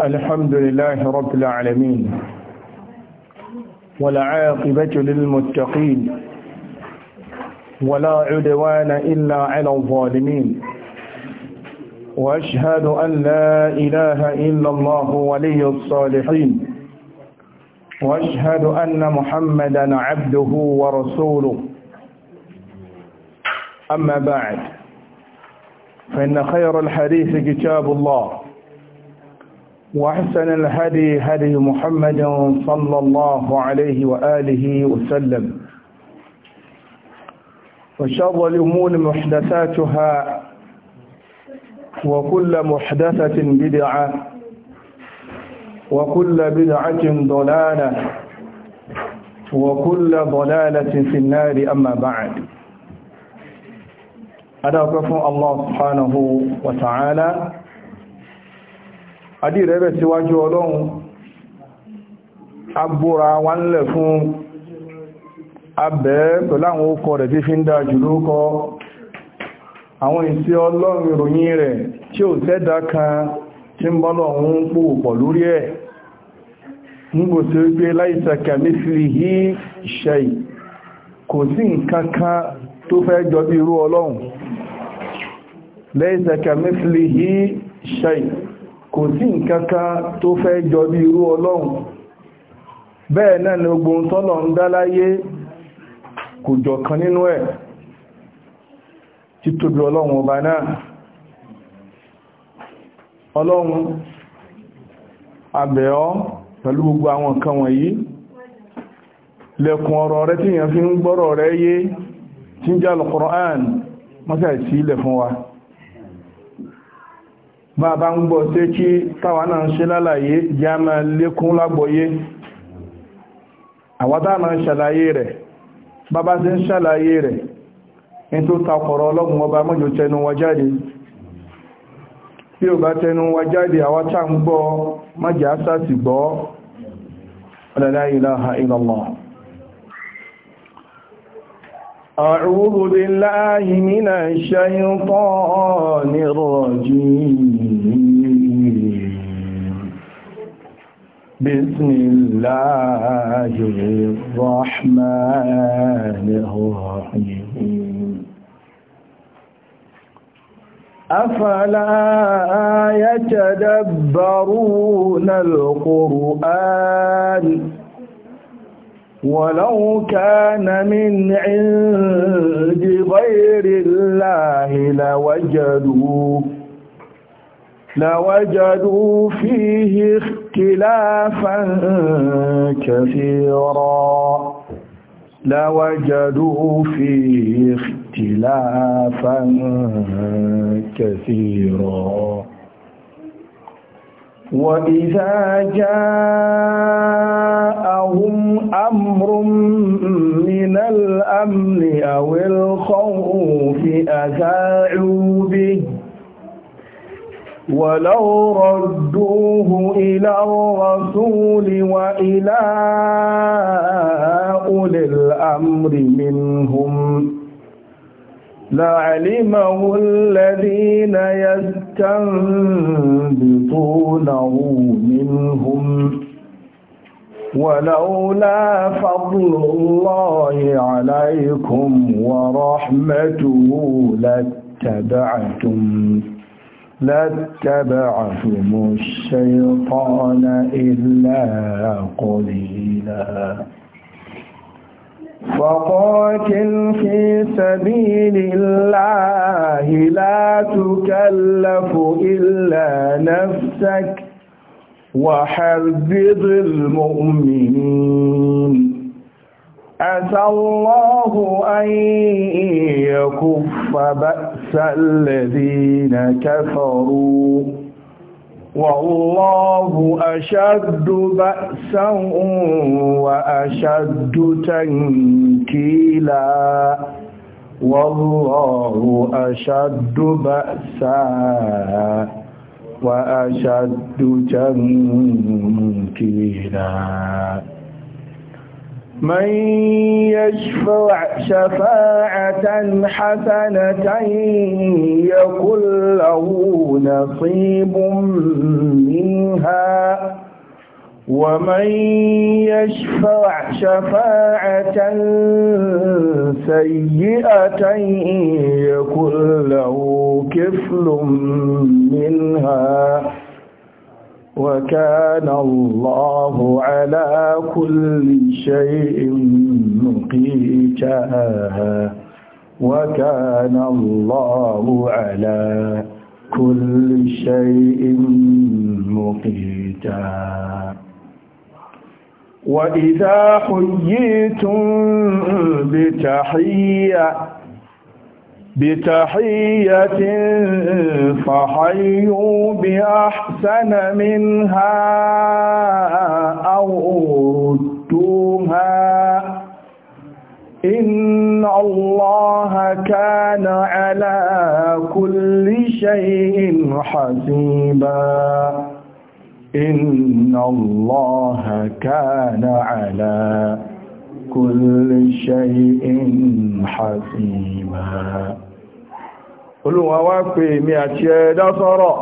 الحمد لله رب العالمين والعاقبة للمتقين ولا عدوان إلا على الظالمين وأشهد أن لا إله إلا الله ولي الصالحين وأشهد أن محمدا عبده ورسوله أما بعد فإن خير الحديث كتاب الله وأحسن الهدي هدي محمد صلى الله عليه وآله وسلم وشر الأمور محدثاتها وكل محدثة بدعة وكل بدعة ضلالة وكل ضلالة في النار أما بعد أدعوكم الله سبحانه وتعالى adí rẹ̀ bẹ̀ síwájú ọlọ́run agbóra wa ń lẹ̀ fún abẹ́ pẹ̀lú àwọn ókọ rẹ̀ tí fi ń dáa jù lóókọ àwọn ìsí ọlọ́run ìròyìn rẹ̀ tí ò tẹ́dà kan tí ń bọ́lọ̀ ń pòpọ̀ lórí ẹ̀ nígbò tí ó gbé láìsà kàmífìlìhí ṣẹ̀yì kò kò sí nkaka tó fẹ́ jọ bí irú ọlọ́run bẹ́ẹ̀ náà ni ogun tọ́lọ̀ ń dá kò jọ kan nínú ẹ̀ títóbi ọlọ́run ọba náà ọlọ́run abẹ̀ pẹ̀lú gbogbo àwọn nǹkan wọ̀nyí lẹ́kùn ọ̀rọ̀ rẹ tí fi ń gbọ́rọ̀ rẹ yé tí ń fún wa. bàbá ń gbọ́ tí kí táwa náà ń ṣe lálàyé jẹ́ a máa lékún lágbọ́yé àwátá máa ń ṣàlàyé rẹ̀ bàbá sí ń ṣàlàyé rẹ̀ ní tó takọ̀rọ̀ ọlọ́gbùn ọba mọ́jọ tẹnu wa jáde bá tẹnu wa jáde àwátá ń gbọ́ أعوذ بالله من الشيطان الرجيم بسم الله الرحمن الرحيم أفلا يتدبرون القرآن ولو كان من عند غير الله لوجدوا لوجدوا فيه اختلافا كثيرا لوجدوا فيه اختلافا كثيرا وإذا جاءهم أمر من الأمن أو الخوف أذاعوا به ولو ردوه إلى الرسول وإلى أولي الأمر منهم لعلمه الذين يستنبطونه منهم ولولا فضل الله عليكم ورحمته لاتبعتم لاتبعتم الشيطان إلا قليلاً وقاتل في سبيل الله لا تكلف إلا نفسك وحبذ المؤمنين أسى الله أن يكف بأس الذين كفروا والله أشد بأسا وأشد تنكيلا والله أشد بأسا وأشد تنكيلا من يشفع شفاعة حسنة يقول له نصيب منها ومن يشفع شفاعة سيئة يقول له كفل منها وكان الله على كل شيء مقيتا وكان الله على كل شيء مقيتا وإذا حييتم بتحية بتحية فحيوا بأحسن منها أو ردوها إن الله كان على كل شيء حسيبا إن الله كان على كل شيء حسيبا olùwà wá pè mí àti ẹ̀dá sọ́rọ̀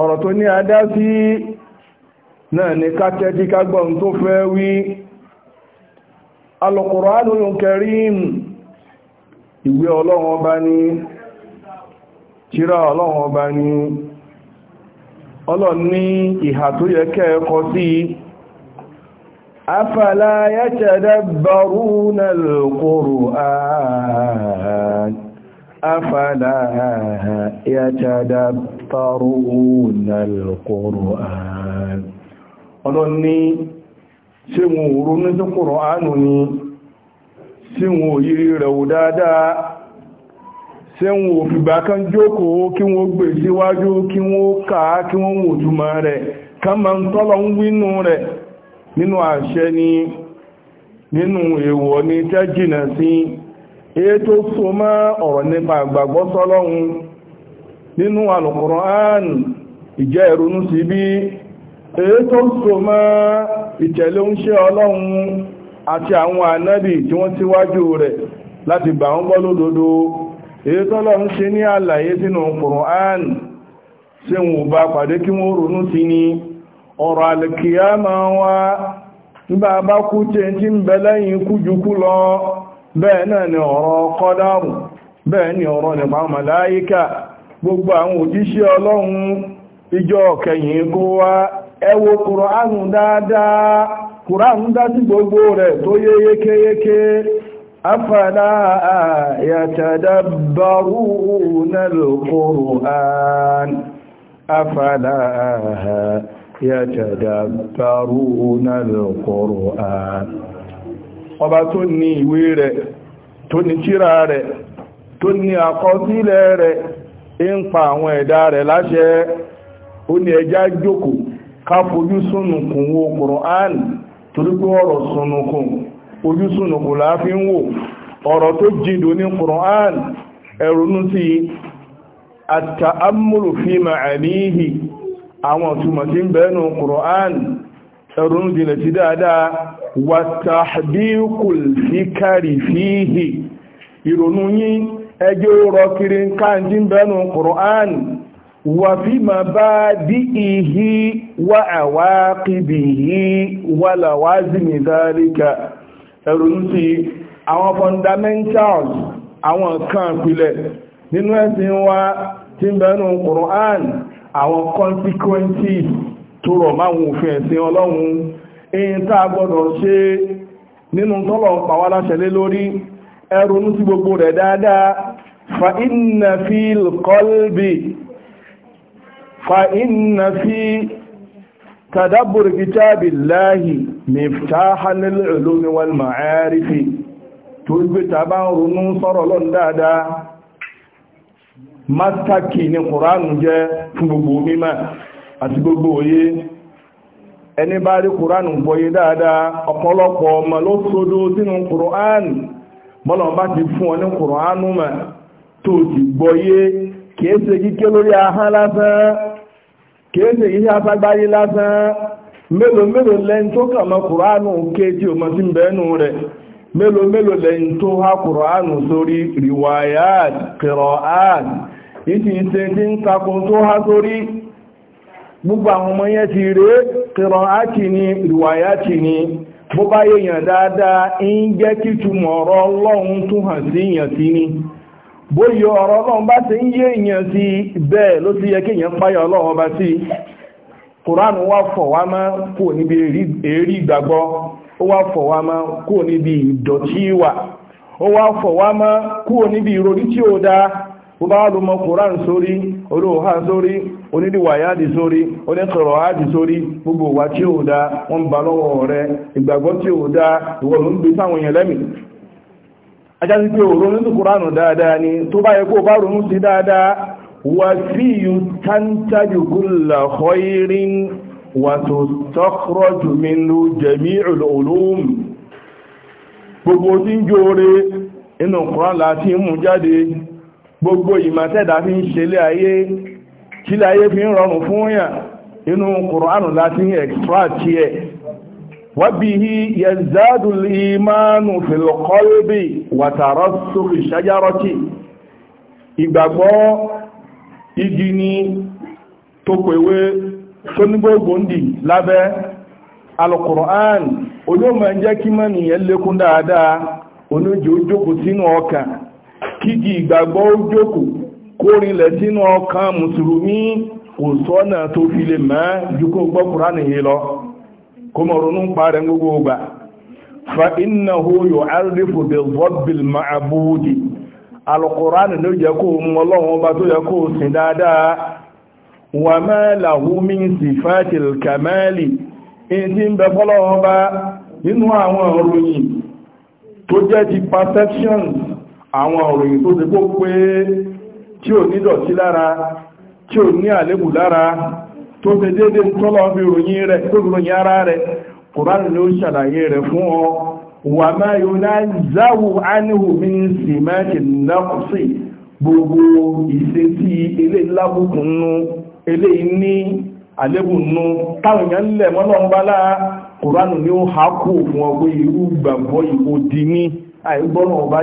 ọ̀rọ̀ tó ní adá sí náà ni ká tẹ́tí ká gbọ́n tó fẹ́ wí Al-Qur'anul Karim ìwé ọlọ́run ọba ní tírà ọlọ́run ọba ní ọlọ́run ní ìhà tó yẹ kẹ́ẹ̀kọ́ sí afala أفلا يتدبرون القرآن Cha ní ṣe wọn ò ronú sí Kùránù ni ṣe kan jókòó kí wọ́n gbé síwájú kí wọ́n kà kí wọ́n wò Kama rẹ̀ ká ń tọ́lọ ń wínú rẹ̀ nínú àṣẹ ni nínú èèwọ̀ ni tẹ́jìnà èyí tó so mọ́ ọ̀rọ̀ nípa àgbàgbọ́ sọ́lọ́hun nínú Al-Qur'an ìjẹ́ bi. sí bí èyí tó so mọ́ ìtẹ̀lé ń ọlọ́hun àti àwọn ànábì tí wọ́n tíwájú rẹ̀ láti gbà wọ́n gbọ́ lódodo èyí tọ́lọ́hun ṣe ní àlàyé sínú Al-Qur'an ṣe wọn bá pàdé kí ni ọrọ bẹ́ẹ̀ náà ni ọ̀rọ̀ kọ́dárù bẹ́ẹ̀ ni ọ̀rọ̀ nípa màláíkà gbogbo àwọn òjíṣẹ́ ọlọ́run ìjọ kẹyìn kó wá ẹ wo kùránù dáadáa kùránù dá gbogbo rẹ̀ tó yé yékéyéké afala yatadabbaruna al-Qur'an afala yatadabbaruna al-Qur'an ọba tó ní ìwé rẹ̀ tó ní tírà rẹ̀ tó ní àkọsílẹ̀ rẹ̀ ń pa àwọn ẹ̀dá rẹ̀ láṣẹ ó ní ẹjá jókòó ká fojú súnùkùn wo Kùránì torí ọ̀rọ̀ súnùkùn ojú súnùkùn la fi ń wò ọ̀rọ̀ tó jìndò ní Kùránì ẹ̀rùnú sí àtàámùrù fi màáníhì àwọn ìtumọ̀ tí ń bẹ́ẹ̀nù Kùránì ẹ̀rùn jìnà sí dáadáa wàtàdíkùl fíkàrí fíhì ìrònú yí ẹjẹ́ rọ kiri káàkiri bẹnu Qur'an wà fí ma bá dí ihí wà àwá kìbìhí wà làwázì ní dáríkà ẹ̀rùn sí àwọn fundamentals àwọn kan pìlẹ̀ nínú ẹ̀sìn wa tí bẹnu Qur'an àwọn consequences tó rọ̀ máwọn òfin ẹ̀sìn ọlọ́run èyí tá a gbọ́dọ̀ ṣe nínú tọ́lọ̀ pàwọ́ aláṣẹ́lé lórí ẹrùnú sí gbogbo rẹ̀ dáadáa fa inna fil qalbi fa inna fi tadabbur kitabillahi miftahan lil ulumi wal ma'arifi àti gbogbo òye ẹni bá rí kùránù gbọ́yé dáadáa ọ̀pọ̀lọpọ̀ ọmọ ló sódó sínú kùránù bọ́lọ̀ bá ti fún ọ ní kùránù mẹ́ tó ti gbọ́yé kìíṣe kíké lórí ahán lásán kìíṣe kíké aságbáyé lásán mélòó mélòó lẹ́yìn tó kàn mọ́ kùránù sí bẹ́ẹ̀nù rẹ̀ mélòó mélòó lẹ́yìn tó há kùránù sórí tí ń takun tó há sórí gbogbo àwọn ọmọ yẹn ti rèé kìrọ̀ áti ni ìrìwàyá ti ni bó bá yẹ̀yàn dáadáa ń jẹ́ kí ọ̀rọ̀ ọlọ́run tún hàn sí ni bụ ọ̀rọ̀ ọlọ́run bá ti ń yé èyàn sí bẹ́ẹ̀ ló ti yẹ kí èèyàn ọlọ́run ọba sí kùránù wá mọ́ kò níbi èrí ìgbàgbọ́ ó wá mọ́ kò níbi ìdọ̀tí wà ó wá o bá lọ mọ koran sórí olóòhá sórí onídìwàyáàdì sórí oníkọ̀rọ̀háàdì sórí gbogbo wa tí ó dá wọ́n bá lọ́wọ́ rẹ̀ ìgbàgbọ́ tí ó dá ìwọ̀n ń gbé sáwọn èèyàn lẹ́mì ajásí pé òrò nínú koranu dáadáa ni tó bá yẹ kó bá ronú sí dáadáa wà sí gbogbo ìmọ̀tẹ́dà fi ń ṣẹlẹ̀ ayé kílẹ̀ ayé fi ń rọrùn fún yàn inú kùránù láti ń extract ẹ̀ wabihi yazadu ìmánu fil qalbi wa tarassuqi shajarati ìgbàgbọ́ igi ni tó pèwé tó lábẹ́ alkùrán olóòmọ̀ jẹ́ onye kígi ìgbàgbọ́ ó jókòó sínú ọkàn mùsùlùmí kò sọ́nà tó fi lè gbọ́ kùránì yìí lọ kó mọ̀ gbogbo fa bil ma ma'budi alukùránì ló jẹ́ kó bá tó yẹ kó dáadáa wa ma lahu min ti ń bẹ bá nínú àwọn tó jẹ́ ti àwọn òròyìn tó ti gbó pé tí ò ní dọ̀tí lára tí ò ní àlébù lára tó ti dédé tọ́lọ̀ fi ròyìn rẹ̀ tó ròyìn ara rẹ̀ kùránì ló ṣàlàyé rẹ̀ fún ọ wà máa yóò náà záwù ánìhù mi sì gbogbo ilé ní táwọn èèyàn lẹ̀ mọ́lọ́mbálá ni fún irú gbàgbọ́ dì ní àìgbọ́nà ọba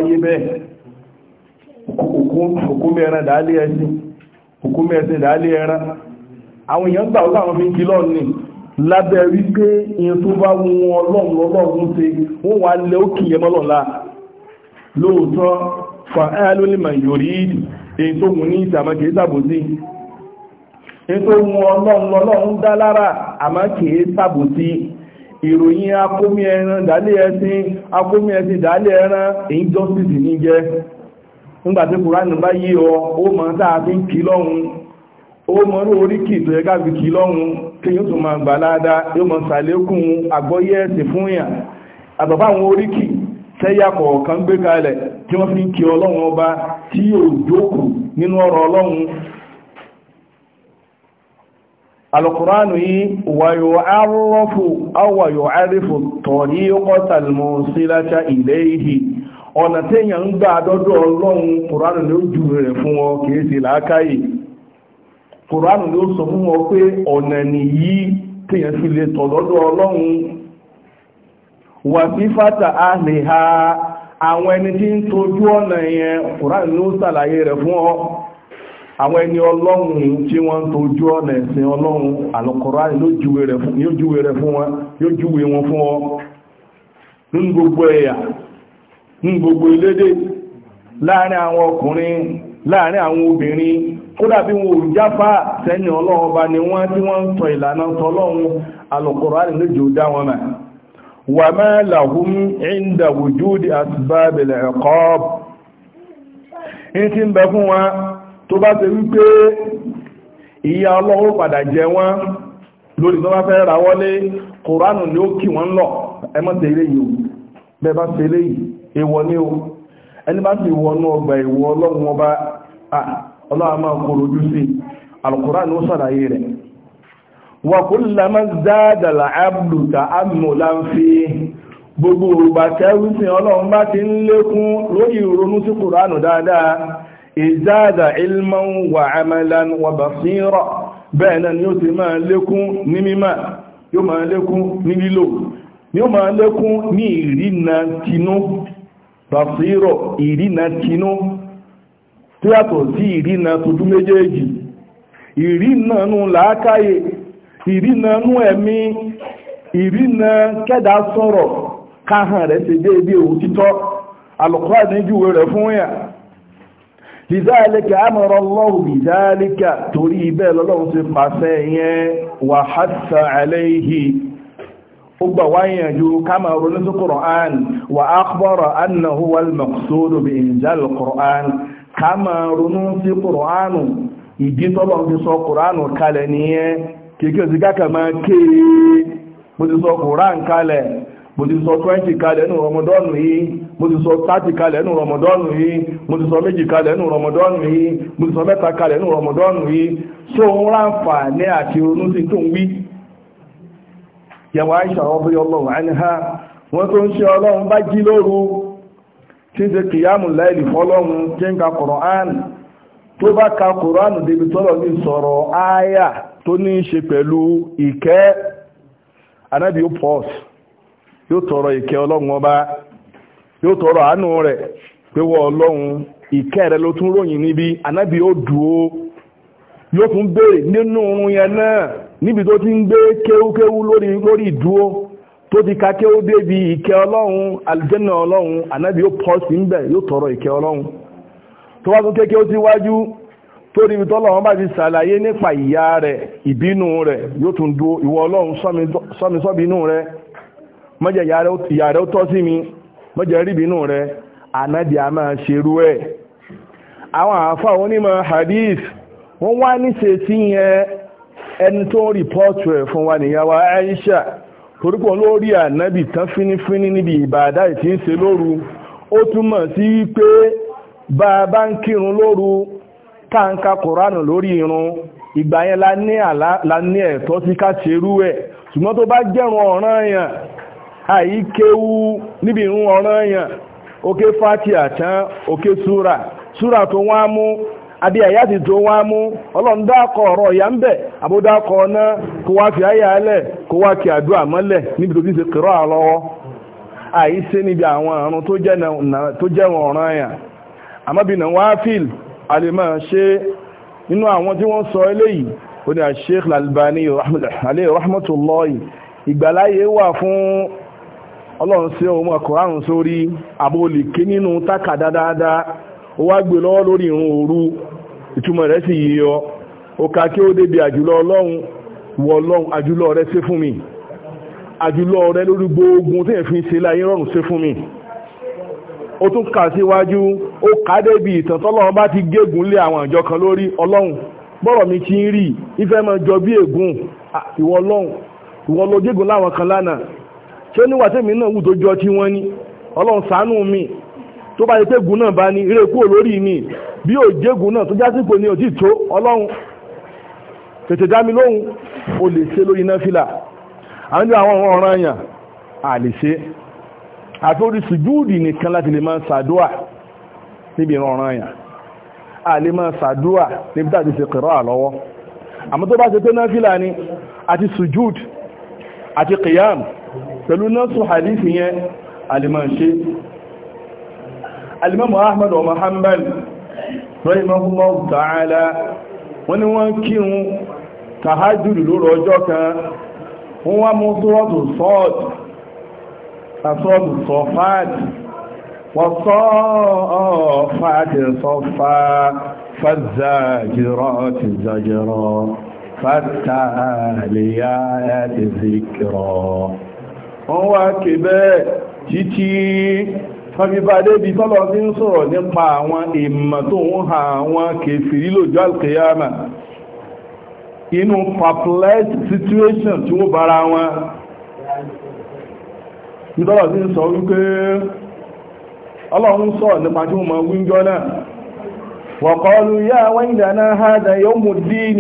òkú mẹ́rin dálé ẹ̀sìn òkú mẹ́rin dálé ẹran àwọn èèyàn gbà wọ́n láwọn fi ń kí lọ́ọ̀ ní lábẹ́ wípé ìyẹn tó bá wọn ọlọ́run lọ́lọ́run ṣe wọ́n wà lẹ́ òkè yẹn mọ́lọ́la lóòótọ́ fa'alu liman yurid èyí tó mú ní ìsàmà kìí sàbòsí èyí tó mú ọlọ́run ọlọ́run dá lára àmá kìí ìròyìn akómi ẹran dálé ẹsìn akómi ẹsìn dálé ẹran èyí justice ní jẹ́ nígbàtí kùránì bá yí ọ ó mọ̀ táa fi lọ́hun ó mọ̀ orí kì tó yẹ ká fi lọ́hun kí yóò tún máa gbà láadáa yóò mọ̀ sàlékún àgbọ́yé ẹ̀sìn fún yàn àtọ̀fà àwọn orí kì kọ̀ọ̀kan gbé kalẹ̀ tí wọ́n fi ń kí ọlọ́run ọba tí yóò jókòó nínú ọ̀rọ̀ ọlọ́run alkùránù yìí wàyò arọ́fù awàyò arìfù tọ̀rí ọkọ̀tàlmọ̀ síláta ilẹ̀ ọ̀nà téèyàn ń gbà àdọ́dọ̀ ọlọ́run kùránù ló jù rẹ̀ fún ọ kìí ṣe làákàyè kùránù ló sọ fún ọ pé ọ̀nà nìyí téèyàn fi lè tọ̀ lọ́dọ̀ ọlọ́run wà sí fàtà àlèhà àwọn ẹni tí ń tọ́jú ọ̀nà yẹn kùránù ló rẹ̀ fún ọ àwọn ẹni ọlọ́run tí wọ́n ń ọ̀nà ẹ̀sìn ọlọ́run àlọ́kùránù ló júwe fún ọ nínú gbogbo ní gbogbo ilédè láàrin àwọn ọkùnrin láàrin àwọn obìnrin kódà bí wọn ò jáfà sẹ́yìn ọlọ́run ni wọ́n tí wọ́n ń tọ ìlànà tọlọ́run alùkùránì lójò dá wọn mà wà máa làhùn ìndà wùjúdì àtìbábìlẹ̀ ẹ̀kọ́ ní tí ń bẹ fún wọn tó bá ṣe wípé ìyá ọlọ́run padà jẹ wọn lórí tó bá fẹ́ ra ni ó ki wọn lọ bẹ́ẹ̀ bá èwọ̀ ní o ẹni bá ti wọnú ọgbà ìwọ̀ ọlọ́run ọba ọlọ́run máa kòrò ojú sí alukura ní ó sàlàyé rẹ̀ wà kó lámá zádàlá abdùta amúláńfí gbogbo òrùbà kẹrùsìn ọlọ́run bá ti ń lékún lórí ìrònú sí kùránù dáadáa ìzádà ilman yóò máa lékún ní ìrìnà tinú bàṣírọ̀ ìrìnà tinú tí yàtọ̀ sí ìrìnà tójú méjèèjì ìrìnà nú làákàyè ìrìnà nú ẹ̀mí ìrìnà kẹ́dà sọ̀rọ̀ káhàn rẹ̀ ṣe déédé òtítọ́ alùkọ́ níjúwe rẹ̀ fún yà lidhalika amara Allahu bidhalika gbà wáyànjú kama ronútú Qur'an wa akhbara annahu wal maqsudu bi injal Qur'an kama ronútú Qur'an ìdí tọ́lọ̀ fi sọ Qur'an kalẹ̀ nìyẹn kìkì sí káka máa kéè mo ti sọ Qur'an kalẹ̀ mo ti sọ 20 kalẹ̀ nù rọmọdọ́nù yìí mo ti sọ 30 kalẹ̀ nù rọmọdọ́nù yìí mo ti sọ méjì kalẹ̀ nù rọmọdọ́nù yìí mo ti sọ mẹ́ta kalẹ̀ nù rọmọdọ́nù yìí so ń ráǹfà ní àti ronú tó ń wí yàwó àìṣà ọbí ọlọ́run àníhá wọ́n tó ń ṣe ọlọ́run bá jí lóru tí ṣe kìyàmù láìlì fọ́lọ́run tí ń ka kọ̀rọ̀án tó bá ka kọ̀rọ̀án débi tọ́lọ̀ ní sọ̀rọ̀ ááyà tó ní ṣe pẹ̀lú ìkẹ́ anábì pọ́s yóò tọrọ ìkẹ́ ọlọ́run ọba yóò tọrọ àánú rẹ̀ yóò tún béèrè nínú oorun yẹn náà níbi tó ti ń gbé kéwúkéwú lórí lórí ìdúró tó ti ka kéwú débi ìkẹ́ ọlọ́run àlùjẹ́nà ọlọ́run ànábì yóò pọ̀ sí ń bẹ̀ yóò tọrọ ìkẹ́ ọlọ́run tó wá tún wájú tó bá ti ṣàlàyé nípa ìyá rẹ̀ ìbínú rẹ̀ yóò tún dúró ìwọ ọlọ́run sọ́mi sọ́bínú rẹ̀ mọ́jẹ̀ ìyá rẹ̀ ó tọ́ hadith wọ́n wá ní sèétí yẹn ẹni tó ń rìpọ́ọ̀tù ẹ̀ fún wa nìyá wa Aisha torípò lórí ànábì tán fínífíní níbi ìbàdá ìtí ń ṣe lóru ó túmọ̀ sí pé bá a bá ń kírun lóru táǹkà kòránù lórí irun ìgbà yẹn la ní àlá la ní ẹ̀tọ́ sí ká ṣerú ẹ̀ ṣùgbọ́n tó bá jẹ́rùn ọ̀ràn yẹn àyíkéwú níbi ìrún ọ̀ràn yẹn òkè fati àtàn òkè súra súra tó wọ́n mú àbí àyà ti tó wá mú ọlọ́run kọ ọ̀rọ̀ ya ń bẹ̀ àbúdákọ̀ ọ̀nà kó wá fi àyà lẹ̀ kó wá kí àdúrà mọ́lẹ̀ níbi tó ti ṣe kẹrọ àlọ́wọ́ àìsí níbi àwọn àrùn tó jẹ́ ọ̀ràn àyà àmọ́bìnà ṣe nínú àwọn tí wọ́n sọ eléyìí ó ní Sheikh Al-Albani alayhi ìgbàláyé wà fún ọlọ́run sí ọmọ sórí nínú tákà dáadáa ó wá gbé lọ́wọ́ lórí ìrun òru ìtumọ̀ rẹ̀ sì yíyọ ó kí ó débi àjùlọ ọlọ́run wọ ọlọ́run àjùlọ rẹ̀ ṣe fún mi àjùlọ rẹ̀ lórí gbogbo tí èèyàn fi ṣe láyé rọrùn ṣe fún mi ó tún kà síwájú ó kà débi ìtàn tọ́lọ́run bá ti gégùn lé àwọn àjọ kan lórí ọlọ́run bọ́rọ̀ mi ti ń rí ìfẹ́ jọ bí ègún ìwọ tó bá yẹ pé gùn náà bá ní eré kúrò lórí mi bí ò jégùn náà tó jásìkò ní òtí tó ọlọ́run tètè dá mi lóhùn o lè ṣe lórí náfìlà àwọn ìjọ àwọn ọ̀ràn àyàn à lè ṣe àti orí sùjúùdì nìkan láti lè máa ṣàdúà níbi ìrọ̀ràn àyàn à lè máa ṣàdúà níbi tàbí ṣe kẹrọ àlọ́wọ́ àmọ́ tó bá ṣe pé náfìlà ni àti sùjúùd àti kìyàm pẹ̀lú náà sùn hadith yẹn à lè máa ṣe alimamu ahmad wa muhammad rahimahullahu ta'ala wọ́n ni wọ́n kírun tahajjudu lórí ọjọ́ kan wọ́n wá mú sọ́ọ̀tù sọ́ọ̀tù sọ́ọ̀tù sọ́fáàtì wọ́n sọ́ọ̀fáàtì sọ́fá fàzàjìrọ́tì zàjìrọ́ fàtàlìyàtì zìkìrọ́ wọ́n wá kì títí fàbíbàdé bí tọ́lọ̀ ti ń sọ̀rọ̀ nípa àwọn ìmọ̀ tó ń ha àwọn kèfèrí lọ́jọ́ alkiyama inú perplexed situation tí wọ́n bára wọn bí tọ́lọ̀ ti ń sọ wípé ọlọ́run sọ nípa tí wọ́n mọ̀ wíńjọ́ náà وقالوا يا ويلنا هذا يوم الدين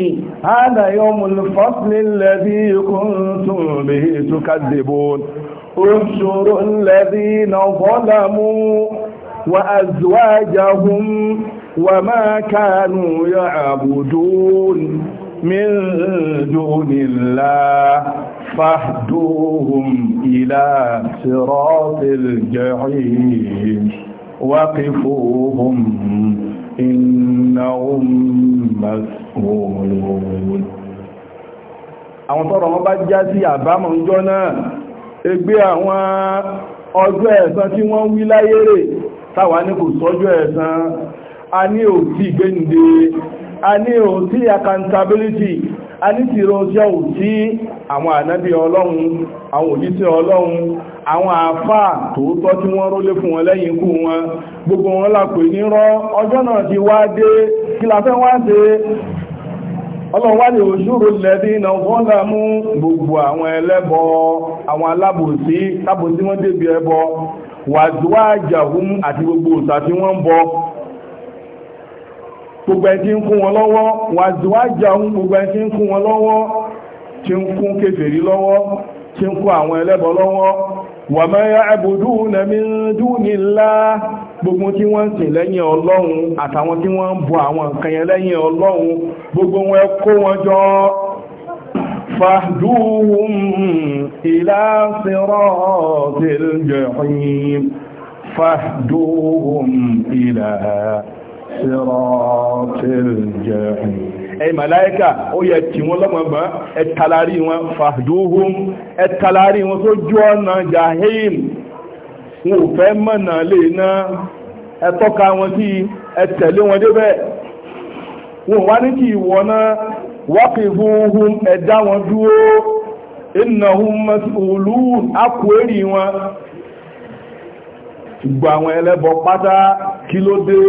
هذا يوم الفصل الذي كنتم به تكذبون انشروا الذين ظلموا وأزواجهم وما كانوا يعبدون من دون الله فاهدوهم إلى صراط الجحيم وقفوهم إنهم مسؤولون àwọn tọ́rọ wọn bá já sí àbámọ̀ náà ègbé àwọn ọjọ́ ẹ̀san tí wọ́n wí láyé rè táwa ní kò sọ́jọ́ ẹ̀san a ní ò tí gbéǹde a ní ò tí accountability a ní ti rọjọ́ ò tí àwọn ànábí ọlọ́run àwọn òjíṣẹ́ ọlọ́run àwọn àáfàá tòótọ́ tí wọ́n rólé fún wọn lẹ́yìn ikú wọn gbogbo wọn la pè ní rọ́ ọjọ́ náà ti wá dé kí la fẹ́ wá ṣe ọlọ́wà ní òṣùrù lẹ́bí na fọ́nà mú gbogbo àwọn ẹlẹ́bọ àwọn alábòsí tábòsí wọ́n débi ẹbọ wàdúwà jàhún àti gbogbo òsà tí wọ́n ń bọ gbogbo ẹ̀ tí ń kún wọn lọ́wọ́ wàdúwà gbogbo tí wọ́n ń sìn lẹ́yìn ọlọ́run àtàwọn tí wọ́n ń bọ àwọn nǹkan yẹn lẹ́yìn ọlọ́run gbogbo wọn kó wọn jọ fàdúhùn ìlà siratil jahim fàdúhùn ìlà siratil jahim ẹ̀yìn màláíkà wọn ò fẹ́ mọ̀nà lè ná ẹ̀tọ́ka wọn sí ẹ wọn débẹ̀ wọn wá ní kí ìwọ náà waqifuhum ẹ̀dá wọn dúró innahum mas'ulun akwẹ́rì wọn gbogbo àwọn ẹlẹ́bọ pátá kí ló dé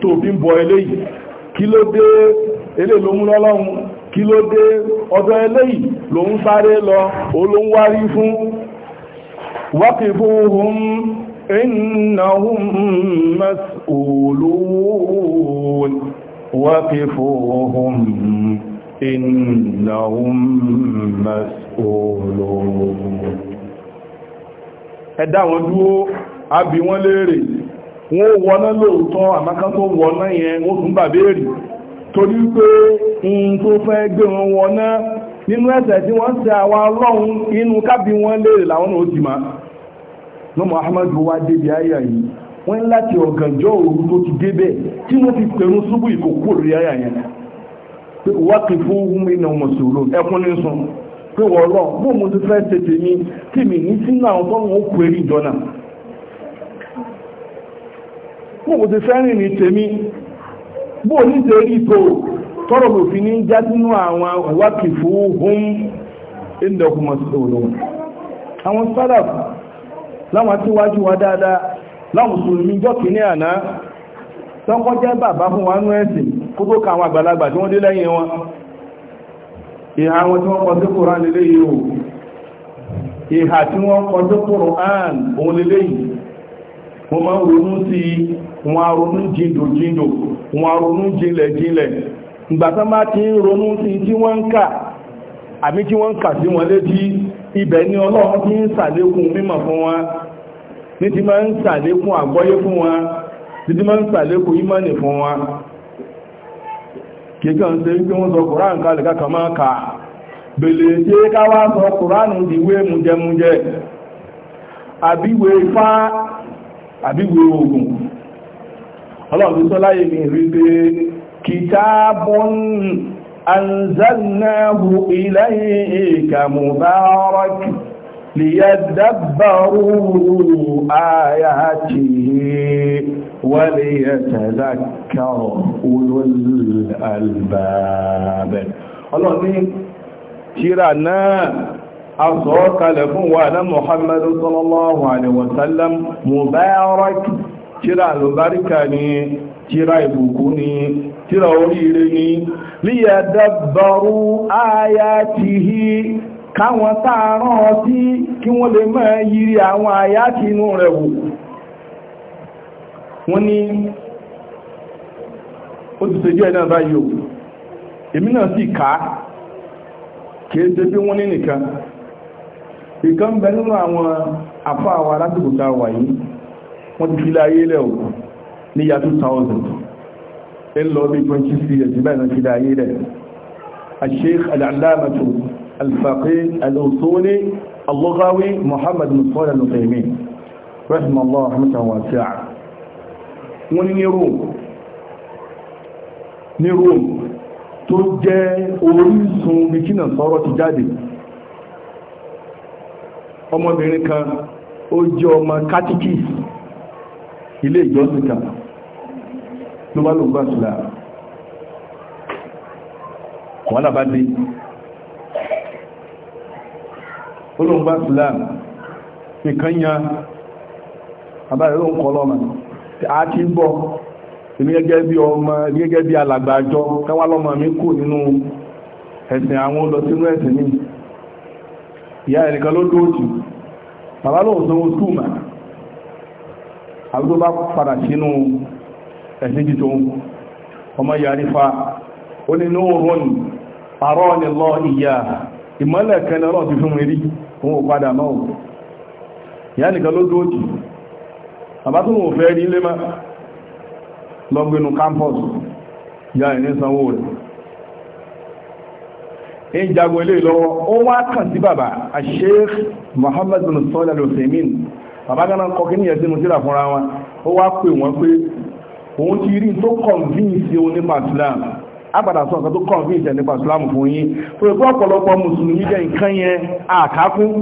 tó bọ eléyìí kí ló dé kí lọ olóńwárí fún وقفوهم إنهم مسؤولون وقفوهم إنهم مسؤولون ẹ̀dá wọn dúró àbí wọn léèrè wọn ò wọná lóòótọ́ àmákan tó wọná yẹn wọ́n tún bàbéèrè torí pé n tó wọn wọná nínú ẹ̀ṣẹ̀ tí wọ́n ṣe àwa ọlọ́run inú kábí wọn léèrè làwọn ò ti ma ahmadu wa débi ayà yìí wọ́n ń láti ọ̀gànjọ́ òru tó ti débẹ̀ tí wọ́n ti pẹ̀rún ṣubú ìkòkò lórí ayà yẹn pé wọ́n fún ohun iná mọ̀sòrò ẹkún ní sun pé wọ́n lọ bó mo ti fẹ́ tètè mi kí mi ní sínú àwọn tó bó mo ti fẹ́ rìn Kọrọ kò fi ní já sínú àwọn wákìfù hún ilẹ̀ ọkùnmọ̀ sọ̀rọ̀ àwọn láwọn tí wájú wa dáadáa láwọn àná tọ́kọ́ jẹ́ bàbá fún wa nú ka àwọn àgbàlagbà tí wọ́n dé lẹ́yìn wọn wọ́n ń ronú sí wọn ronú jíndò jíndò wọn ronú ìgbàtán bá ti ń ronú sí tí wọ́n ń kà tí wọ́n ń kà sí létí ibẹ̀ ni ọlọ́run ti ń sàlékún mímọ̀ fún wọn ní ti máa ń sàlékún àgbọ́yé fún wọn ní ti máa ń sàlékún ìmọ̀nì fún wọn kíkà ń ṣe wípé wọ́n sọ kùrán kalẹ̀ káka máa kà bèlè tí ká wá sọ kùrán di wé mújẹmújẹ àbíwé ifá àbíwé ogun ọlọ́run tó sọ láyé pé كتاب أنزلناه إليك مبارك ليدبروا آياته وليتذكر أولو الألباب الله مين شيرانا أصوك لكم وأنا محمد صلى الله عليه وسلم مبارك شيرا البركة شيرا يبوكوني tíra oríire ní líyàdàbàrú ayatihi káwọn táàrán ọtí kí wọ́n lè máa yiri àwọn àyàtì inú rẹ̀ wò wọ́n ní ó ti ṣe díẹ̀ náà báyìí o èmi náà sì ká kìí ṣe bí wọ́n ní nìkan ìkan bẹ nínú àwọn àfáà wa wà yìí wọ́n ti fi láyé lẹ́ ní yà 2000 lọ bí 20 years bẹ́ẹ̀ náà ti dáyé rẹ̀ الشيخ العلامة الفقيه الأصولي اللغوي محمد بن صالح النقيمين رحمه الله رحمة واسعة wọ́n ní Rome ní Rome tó jẹ́ orísun bikina sọ́rọ̀ ti jáde ọmọbìnrin kan ó jẹ́ ọmọ katikis ilé ìjọsìn kan ló bá ló sílá wọ́n náà bá dé ó ló sílá nìkan ya àbáyọ̀ ló ń kọ́ lọ́mà a ti bọ́ èmi gẹ́gẹ́ bí ọmọ gẹ́gẹ́ bí alàgbàjọ mi kò nínú ẹ̀sìn àwọn ẹ̀sìn ìyá ló ẹ̀sìnjì tó ń ọmọ yàrífà ó ní nóòrùn àrọ́ ni lọ ìyà ìmọ́lẹ̀ kẹni ọlọ́ ti fún rí fún òpadà mọ́ ìyá nìkan ló dóòjì àbátún òun fẹ́ rí lẹ́mà lọ́gbínú campus ìyá ìní sanwó rẹ̀ ń jagun ilé lọ́wọ́ ó wá kàn sí bàbá Sheikh Muhammad bin bàbá gánà kọkí ní ẹ̀sìn mú wọn ó òun ti rí tó convince onípa islam agbàdà sọ ọ̀kan tó convince ẹ̀ nípa islam fún yín tó ẹgbẹ́ ọ̀pọ̀lọpọ̀ mùsùlùmí jẹ́ nǹkan yẹn àkákún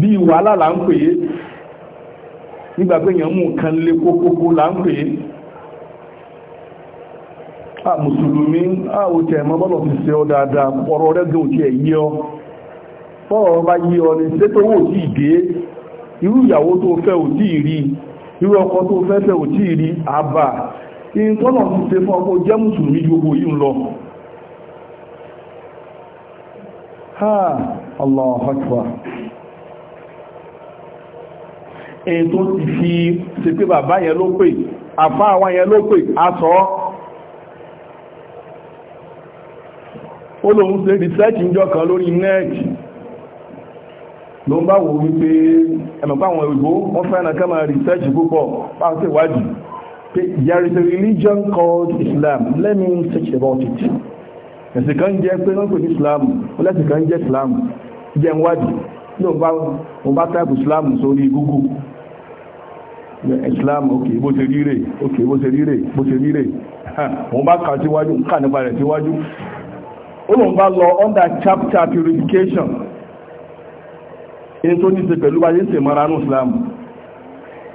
bí wàhálà là ń pè é nígbà pé èèyàn mú nǹkan lé kókókó là ń pè é a mùsùlùmí a ò tẹ̀ mọ́ bọ́lọ̀ ti ṣe ọ dáadáa ọ̀rọ̀ rẹ̀ gan òtí ẹ̀ yí ọ bọ́ọ̀ bá yí ọ ní sétówó òtí ìdé irú ìyàwó tó fẹ́ òtí ìrí irú ọkọ̀ tó fẹ́fẹ́ ò tí ìrí àbà in tọ́nà ti ṣe fún ọkọ̀ jẹ́ mùsùlùmí gbogbo yìí ń lọ ha Allahu Akbar èyí tó ti fi ṣe pé bàbá yẹn ló pè àfá àwọn yẹn ló pè aṣọ́ ó lóun ṣe rìsẹ́ẹ̀kì ìjọ kan lórí nẹ́ẹ̀kì ló ń bá wò wípé ẹ̀mọ̀pá àwọn òyìnbó wọ́n fẹ́ràn ká máa research púpọ̀ pàá sí ìwádìí pé there is a religion called Islam let me search about it ẹ̀sìn kan jẹ́ pé wọ́n pè ní Islam ọlẹ́sìn kan jẹ́ Islam jẹ́ ìwádìí ló ń bá type Islam sórí Google islam ok bó ṣe ríre ok bó ṣe ríre bó ṣe ríre wọ́n bá kà síwájú kà nípa rẹ̀ síwájú ó lòun bá lọ under chapter purification èyí tó ní ṣe pẹ̀lú báyé mara ní islam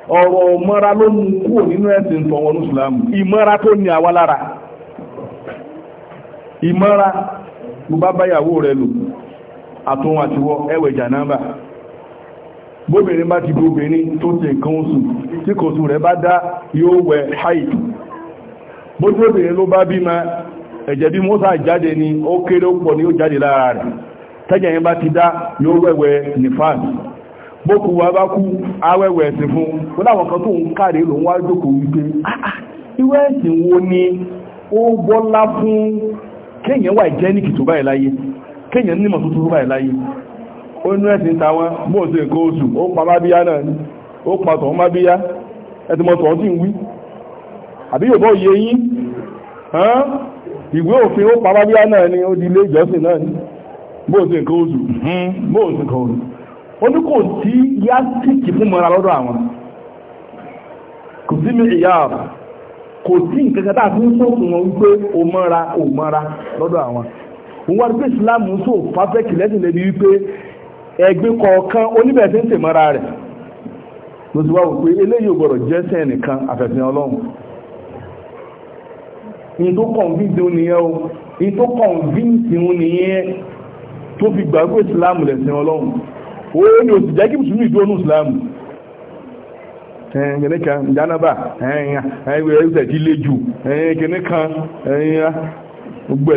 ọ̀rọ̀ mara ló mú kúrò nínú ẹ̀sìn tọ̀wọ̀ ní mara ìmara tó ní àwa lára ìmara bó bá báyàwó rẹ lò àtòun àtiwọ ẹwẹ̀ jànáàbà bóbìnrin bá ti bóbìnrin tó ti nǹkan oṣù tí kò sù rẹ̀ bá dá yóò wẹ̀ haid bóbìnrin ló bá ẹ̀jẹ̀ bí mọ́sà jáde ni ó kéré ó pọ̀ ó jáde lára rẹ̀ tẹ́jẹ̀ yẹn bá ti dá yóò wẹ̀wẹ̀ nifas bókù wa bá kú awẹ́wẹ̀ ẹ̀sìn fún ó láwọn kan tó ń káre lòun wá jókòó wípé ìwé ah, ah, ẹ̀sìn wo ni ó bọ́lá fún kéèyàn wà jẹ́ ní kìtò báyìí láyé kéèyàn nímọ̀ tó tó báyìí láyé ó ẹ̀sìn táwọn oṣù ó pa má bíyá náà pa tọ̀ má bíyá wí àbí yóò bọ́ yín pa má bíyá náà ni ó di ilé ìjọsìn bóòsì nǹkan oṣù hmm. bóòsì nǹkan oṣù ó ní kò sí yásìkì fún mọ́ra lọ́dọ̀ àwọn kò sí mi ìyá kò sí nǹkan tàà fún sóòsùn wọn wípé o mọ́ra o mọ́ra lọ́dọ̀ àwọn òun wá pé Islam tó pàfẹ́kì lẹ́sìn lẹ́bi wípé ẹgbẹ́ kọ̀ọ̀kan oníbẹ̀ẹ́sẹ̀ ń tèmọ́ra rẹ̀ ló ti wá wò pé eléyìí ò gbọ́dọ̀ jẹ́ sẹ́ẹ̀ nìkan àfẹ̀sìn Ọlọ́run ní tó kọ̀ǹvíǹsì ń nìyẹn o ní tó kọ̀ǹvíǹsì ń nìyẹn tó fi gbà pé islam lẹ̀sìn ọlọ́run ó ní òsì jẹ́ kí mùsùlùmí ìdúró ní islam ẹ̀yìn kìnnì kan jánàbà ẹ̀yìn ẹ̀yìn ẹ̀yìn ìdílé jù ẹ̀yìn kan ẹ̀yìn gbogbo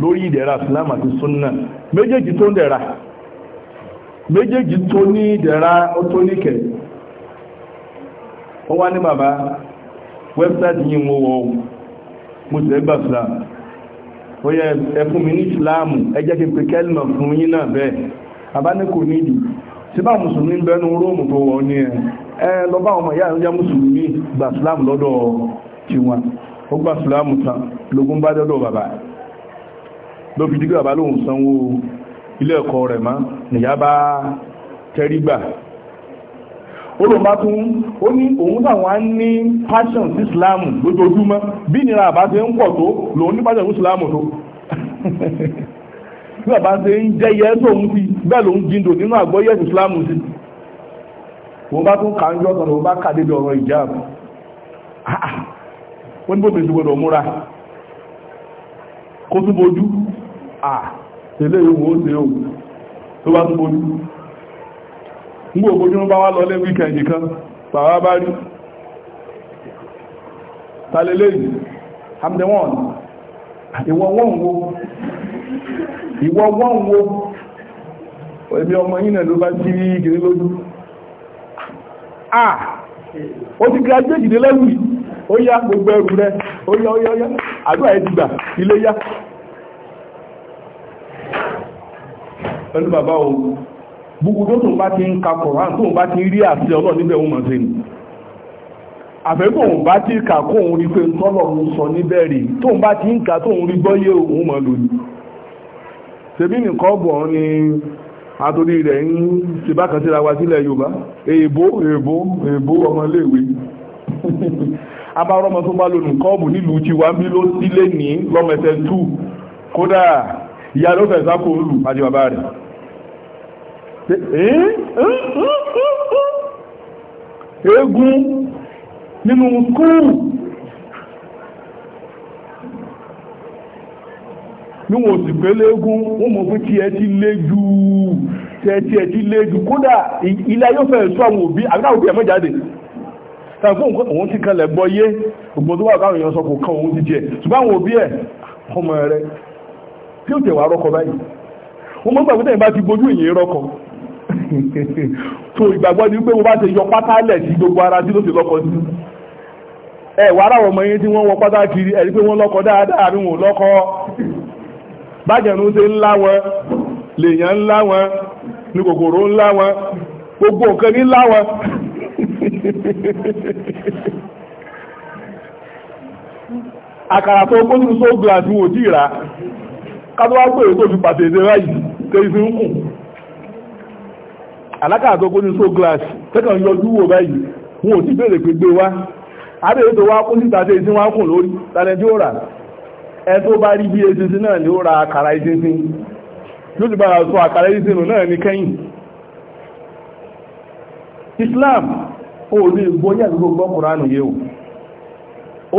lórí ìdẹ̀ra islam àti sunna méjèèjì tó ní ìdẹ̀ra ó tó ní kẹ̀ ó wá ní bàbá wẹ́bsáìtì yìí mo mo sì ẹgbà islam ó yẹ ẹfún mi ní islamu ẹjẹ́ kí pẹ̀kẹ́lì náà fún yín náà bẹ́ẹ̀ bàbá ní kò ní ìdí tí bá mùsùlùmí bẹnu róòmù tó wọ̀ ní ẹ ẹ ọmọ ìyá ìrìnjẹ́ mùsùlùmí gbà islam lọ́dọ̀ tiwọn ó gbà islam tán lógún bá dọ́dọ̀ bàbá ló fi dígbà bàbá lóhùn sanwó ilé ẹ̀kọ́ rẹ̀ ma. nìyá bá ba olùmọ́ tún ó ní òun táwọn á ní passion sí islamu lójoojúmọ́ bí nira àbá ṣe ń pọ̀ tó lòun ní passion sí islamu tó bí ti ń jẹ́ yẹ́sọ̀ òun bẹ́ẹ̀ lòun jíndò nínú àgbọ́ islamu sí òun bá tún kà ń bá kàdé bí ọ̀rọ̀ ní múra kó tẹ̀lé ìwò ó tẹ́ òun tó bá tún bójú nígbò bójú bá wá lọlé wíkẹ̀ndì kan bàbá bá rí tàlélé yìí hamdewon ìwọ wọ́n wo ọmọ yìí náà bá jí rí kìrí lójú ah ó ti graduate dé lẹ́wì ó yá gbogbo ẹrù rẹ̀ ó yá ó yá ó yá àdúrà ẹ̀ ti gbà ilé yá pẹ̀lú bàbá o gbogbo tó bá ti ń ka koran tó bá ti rí àti ọlọ́run níbẹ̀ ó mọ̀ ni àfẹ́kọ̀ òun bá ti kà kó òun rí pé tọ́lọ́run sọ níbẹ̀ rí tó bá ti ń ka tó òun rí gbọ́yé òun mọ̀ lòdì ṣebí nìkan bọ̀ ni àtòrí rẹ̀ ń ṣe bákan síra wa sílẹ̀ Yorùbá èèbó èèbó èèbó ọmọléèwé abárọ́mọ tó bá lónìí kọ́ọ̀bù nílùú ti wá bí ló sílé ní lọ́mẹsẹ̀ 2 kódà ìyá ló fẹ̀ sákòólù àti bàbá rẹ̀ eégún nínú skúù níwọ̀n sì pé léégún wọ́n mọ̀ pé tí ẹ ti lé jù tí ẹ ti lé jù kódà ilé ayé fẹ́ sọ àwọn òbí àbídá òbí ẹ̀mọ́ jáde tàbí òun ti kalẹ̀ gbọ́ yé ògbọ́n tó wà káwọn èèyàn sọ kò kán òun ti jẹ ṣùgbọ́n àwọn òbí ẹ̀ ọmọ rẹ̀ tí ó jẹ̀wà rọ́kọ báyìí bá ti gbójú ìyẹn rọ́kọ so ìgbàgbọ́ ni pé mo bá te yọ pátá lẹ̀ sí gbogbo ara tí ló ti lọ́kọ sí ẹ wà ráwọ̀ mọ̀ yín tí wọ́n wọ pátá kiri ẹ̀rí pé wọ́n lọ́kọ dáadáa níwò wọn lọ́kọ bájẹ̀nu ńlá wọn ńlá wọn ní ńlá wọn gbogbo nǹkan ńlá wọn àkàrà tó sóògùn àti wòtí ká tó wá fi pàtẹ́ alákàtọ́gbó ní so glass tẹ́kàn yọjú wò báyìí wọn ò tí bèèrè pé gbé wá abẹ́rẹ́ tó wá kún síta tí wọ́n kùn lórí tàbí akara ó rà ẹ tó bá rí bí eṣinṣin náà ni ó ra àkàrà eṣinṣin ló ti bára sọ àkàrà o náà ní kẹ́yìn Islam ó lè Kùránù o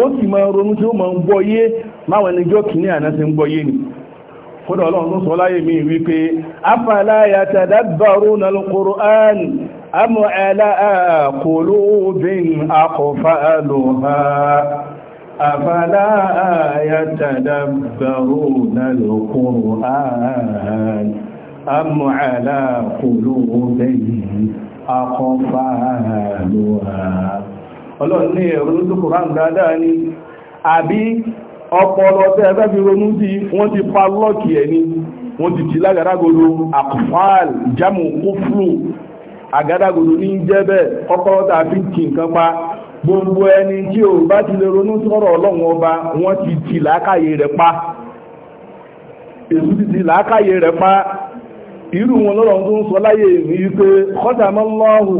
ó sì máa ronú tí ó máa ń gbọ́yé máwọn ẹnìjọ́ ni kódà ọlọ́run ló sọ láyé mi wípé afala yatadabbaruna al-Qur'an am ala qulubin aqfaluha afala yatadabbaruna al-Qur'an am ala qulubin aqfaluha ọlọ́run ní ẹ̀rọ lójú dáadáa ni àbí ọpọlọ tẹ́ ẹgbẹ́ fi ronú sí wọ́n ti pa lọ́ọ̀kì ẹ̀ ni wọ́n ti ti lágàdágodo àkùfáàl jámù kúflù àgádágodo ní jẹ́bẹ̀ ọpọlọ tàà fi kì nǹkan pa gbogbo ẹni tí ò bá ti lè ronú sọ̀rọ̀ ọlọ́run ọba wọ́n ti ti làákàyè rẹ̀ pa èsù ti ti làákàyè rẹ̀ pa irú wọn lọ́rọ̀ tó ń sọ láyé mi wípé kọ́tàmọ́lọ́hù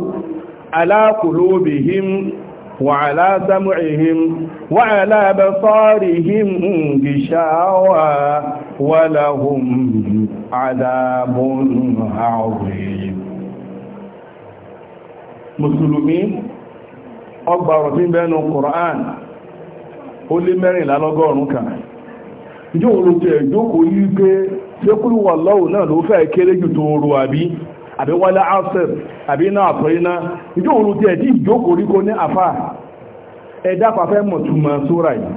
alákòlóbìhìm وعلى سمعهم وعلى بصارهم غشاوة ولهم عذاب عظيم مسلمين ọgbà ọ̀rọ̀ tí ń bẹ́nu Kùrán ó lé mẹ́rìnlá lọ́gọ́rùn-ún kan ìjọ́ òun ló jẹ́ ìjókòó yí pé tí ó kúrò wà lọ́wọ́ náà ló kéré jù tó àbí wálé alfred àbí iná àpọ̀yìnà ìjọ òru tí ẹ̀dí ìjókòó rí kó ní àfà ẹ̀dá pàfẹ́ mọ̀túnmọ̀ sóra yìí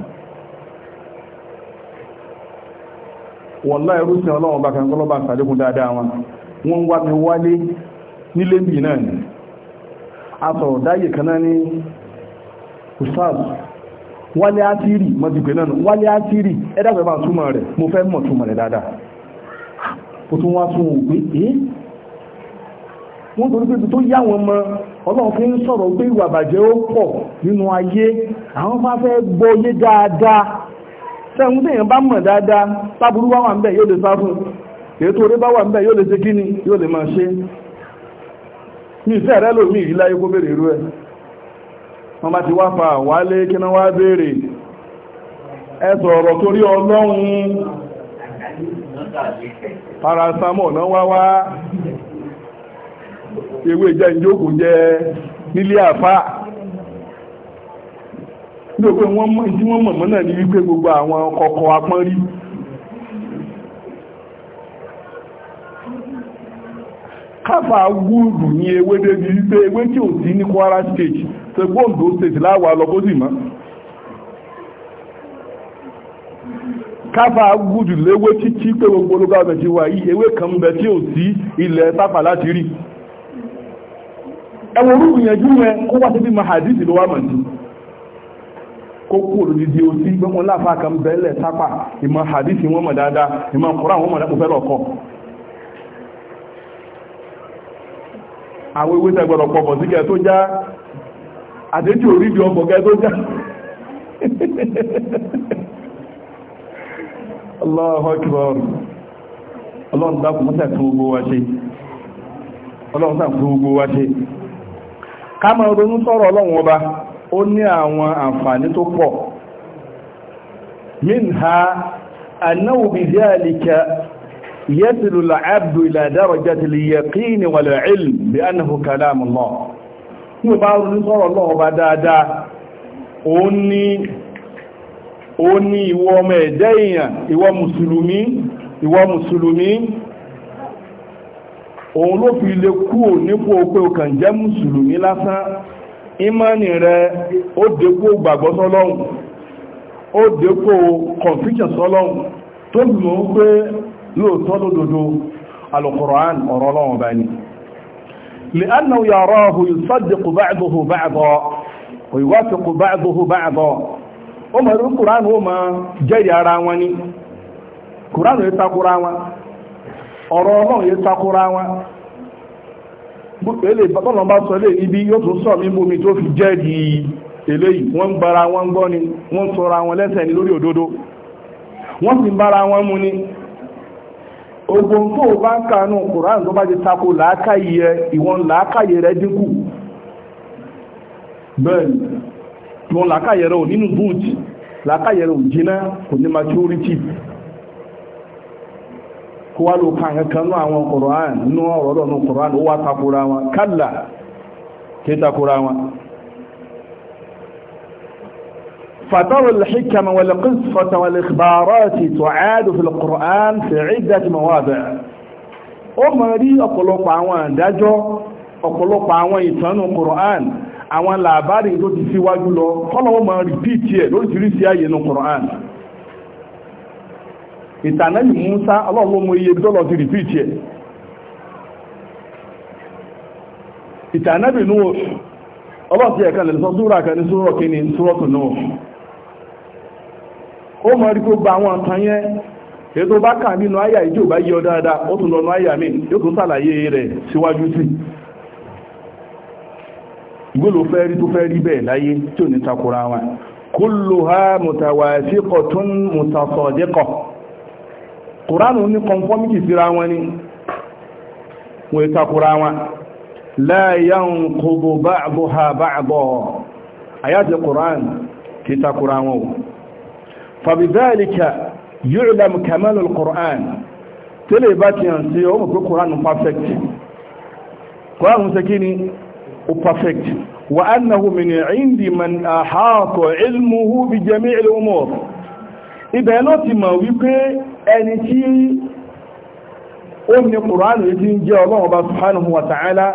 wọ̀lá Wọla sí ọlọ́run bá kankan lọ́ba sàdékun dáadáa wọn wọ́n wá mi wálé nílé náà ni dáyé kan náà ní ustaz wálé átírì mọ́tìpé náà wálé átírì ẹ̀dá pẹ̀lú àtúmọ̀ rẹ̀ mo fẹ́ wọ́n torí pé ibi tó yá wọn mọ́ ọlọ́run fi ń sọ̀rọ̀ pé ìwà àbàjẹ́ ó pọ̀ nínú ayé àwọn bá fẹ́ gbọ́ yé dáadáa sẹ́yìn bá mọ̀ dáadáa sábúrú wá wà ń bẹ̀ yóò lè sá fún ètò orí bá wà ń bẹ̀ yóò lè ṣe yóò lè máa ṣe ní fa wálé kí wá ẹ sọ̀rọ̀ torí ọlọ́run paracetamol náà wá wá ewé jẹ́ ìjókòó jẹ́ nílé àfá nígbàgbé wọ́n mọ̀ tí wọ́n mọ̀ náà ní wípé gbogbo àwọn kọ̀kọ̀ apọ́n rí káfà gúrù ní ewé débi wípé ewé tí ò sí ní Kwara state tẹgbóǹdó state láwà lọ bó sì mọ́ káfà gúrù léwé títí pé gbogbo ológbàmẹ̀ ti wà yí ewé kan bẹ tí ò sí ilẹ̀ tápà láti rí E nwere yẹn jú yẹn kó wá sí bí mahadisi ló wá mọ̀ sí kó kú òdìdí òsí pé wọn láfa kan bẹ́ẹ̀lẹ̀ sápà ìmọ̀ hadisi wọn mọ̀ dáadáa ìmọ̀ kúrò àwọn mọ̀ dáadáa kò fẹ́ lọ àwọn ewé tẹgbọ̀rọ̀ ká máa ronú sọ̀rọ̀ ọlọ́run ọba ó ní àwọn àǹfààní tó pọ̀ minha annahu bidhalika yasilu al-'abdu ila darajati al-yaqin wal-'ilm bi annahu kalam Allah mo bá ronú sọ̀rọ̀ ọlọ́run ọba dáadáa ó ní ó ní ìwọ ọmọ òun ló fi lè kúrò nípò pé o kàn jẹ́ mùsùlùmí lásán ìmánì rẹ ó dépò gbàgbọ́ sọ́lọ́hun ó dépò confusion sọ́lọ́hun tó bí mọ̀ pé lóòtọ́ lódodo al-Qur'an ọ̀rọ̀ ọlọ́run bá ní لأنه يراه يصدق بعضه بعضا ويوافق بعضه بعضا ó mọ̀ rí Qur'an ó mọ̀ jẹ́rìí ara wọn ni Qur'an ó takura ọ̀rọ̀ ọlọ́run yẹn takora wọn ele bọ́lọ̀ bá sọ lè ibi yóò tún sọ mímú mi tó fi jẹ́ di eléyìí wọ́n ń bara wọn gbọ́ ni wọ́n ń sọra wọn lẹ́sẹ̀ ní lórí òdodo wọ́n sì ń bara wọn mu ni ogun tó o bá ń kanú Kùránì tó bá ti tako làákàyè rẹ ìwọ̀n làákàyè rẹ dínkù bẹ́ẹ̀ ìwọ̀n làákàyè rẹ ò nínú búùtì làákàyè rẹ ò jiná kò ní maturity kó wá ló kàn kankan ní àwọn Kùránì ní ọ̀rọ̀ lọ́nà Kùránì ó wá takura wọn kálà kí takura wọn فترى الحكم والقصة والإخبارات تعاد في القرآن في عدة مواضع ó máa rí ọ̀pọ̀lọpọ̀ àwọn àdájọ́ ọ̀pọ̀lọpọ̀ àwọn ìtànù Qur'an àwọn làbárì tó ti síwájú lọ kọ́lọ̀wọ́ máa rìpíìtì ẹ̀ lóríṣiríṣi ààyè ní Qur'an ìtànẹ́lì Musa ọlọ́lọ́mọ iye dọ́lọ̀ ti rìpíìtì ẹ̀ ìtànẹ́bì Nuhu ọlọ́sí ẹ̀kan lè sọ súrà kan kí ni súrọ̀tù Nuhu ó mọ̀ rí gbogbo àwọn nǹkan ètò bá kà nínú àyà ìjò bá yíọ dáadáa ó tún kùránù ní conformity síra wọn ni wọ́n ìtakùra wọn láyán kòbò báàbò ha báàbò àyájẹ́ kùránù kì takùra wọn o fàbíbáàlìkà yóò lẹ́mù kẹmẹ́lù kùránù tẹ́lẹ̀ bá ti hàn sí ọmọ pé kùránù perfect kùránù ṣe kí ni o perfect wa annahu min indi man ahata ilmuhu bi jami'il umur ibẹ̀ ló ti mọ̀ wípé ẹni tí ó ní Kùránì tí ń jẹ́ Ta'ala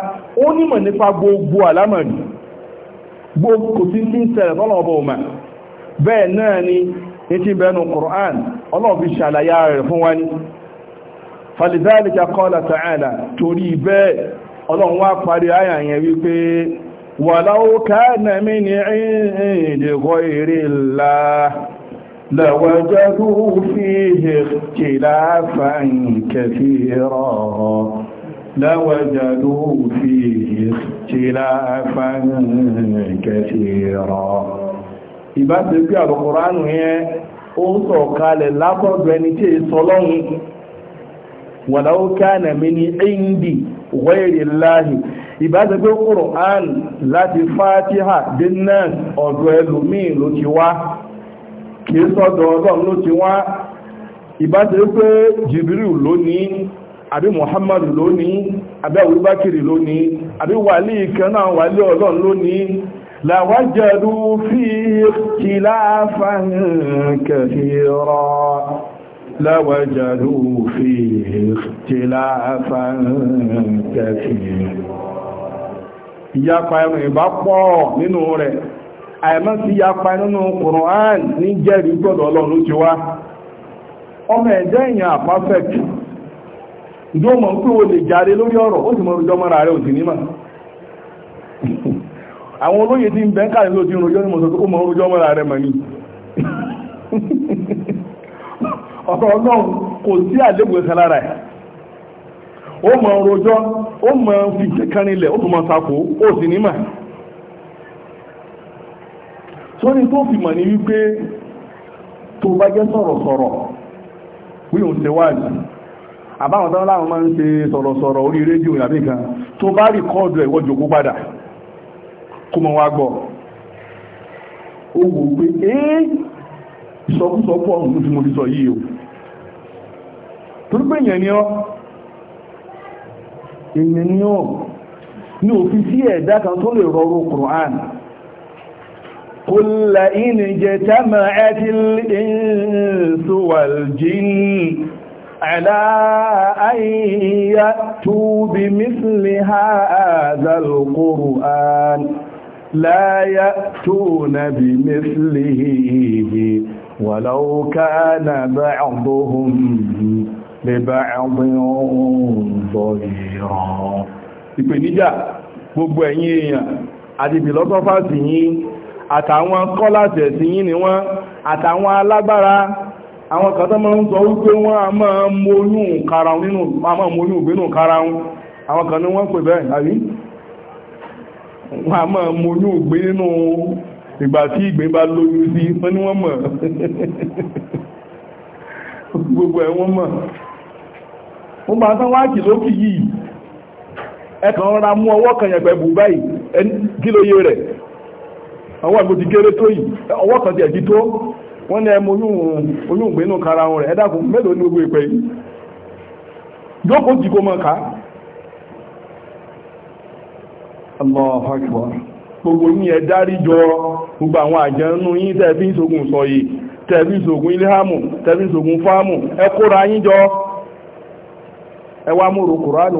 ó nímọ̀ nípa gbogbo àlámọ̀rí gbogbo kò sí sẹ̀rẹ̀ tọ́lọ̀ bọ̀ bẹ́ẹ̀ náà ni etí fi ṣàlàyé rẹ̀ fún Ta'ala bẹ́ẹ̀ wala na لوجدوا فيه اختلافا كثيرا لوجدوا فيه اختلافا كثيرا ìbá ti pé àlùkùránù yẹn ó ń sọ kalẹ̀ látọ̀dọ̀ ẹni tí è sọ lọ́hun walau kana min indi ghairi llahi ìbá ti pé kùránù láti fátíhà dínà ọ̀dọ̀ ẹlòmíì ló ti wá kìí sọ́dọ̀ ọlọ́run ló ti wá ìbáṣe pé Jibril lónìí àbí Muhammadu lónìí àbí Abubakar lónìí àbí wàlí ìkẹ́nà wàlí ọlọ́run lónìí làwájẹ̀rú fi ikhtilafan kathira làwájẹ̀rú fi ikhtilafan kathira ìyapa ẹ̀rùn ìbá pọ̀ nínú rẹ̀ àìmọ́ sí yapa nínú Qur'an ní jẹ́rìí gbọ́dọ̀ ọlọ́run ti wá ọmọ ẹ̀dẹ́ èèyàn àpáfẹ́k ìjọ mọ̀ pé o lè jáde lórí ọ̀rọ̀ ó sì mọ̀ rújọ́ mọ́ra rẹ̀ òsì nímọ̀ àwọn olóyè tí ń bẹ́ ti ní sórí tó fi mọ̀ ní wípé tó bá jẹ́ sọ̀rọ̀sọ̀rọ̀ wíò ń tẹwàájì àbáwọn tán láwọn máa ń ṣe sọ̀rọ̀sọ̀rọ̀ orí rédíò ìlàbí kan tó bá rí kọ́ọ̀dù ẹ̀wọ́ jòkó padà kó mọ̀ wá gbọ́ ni ọ́ èèyàn ni ọ́ ní òfin sí ẹ̀dá kan tó lè rọrùn Kùránì وقل إن اجتمعت الإنس والجن على أن يأتوا بمثل هذا القرآن لا يأتون بمثله ولو كان بعضهم لبعض ظهيرا ìpèníjà gbogbo ẹ̀yin èèyàn àti philosopher yìí àtàwọn kọ́láṣì ẹ̀sìn yìí ni wọ́n àtàwọn alágbára àwọn kan tó ń sọ wípé wọ́n a máa mọ́yún a àwọn kan ní wọ́n pè bẹ́ẹ̀ àbí wọ́n a máa mọ́yún ìgbé ìgbà tí sí ní wọ́n mọ̀ gbogbo ọwọ́ kan ọwọ́ ìgbò ti kéré tó yìí ọwọ́ kan ti ẹ̀jí tó wọ́n ní kara wọn rẹ̀ ẹ dákun ní gbogbo ìpẹ́ yìí jókòó ti kó mọ́ ká gbogbo ní ẹ dárí jọ gbogbo àwọn ìṣògùn ìṣògùn ẹ kóra yín jọ ẹ wá múrò kùránù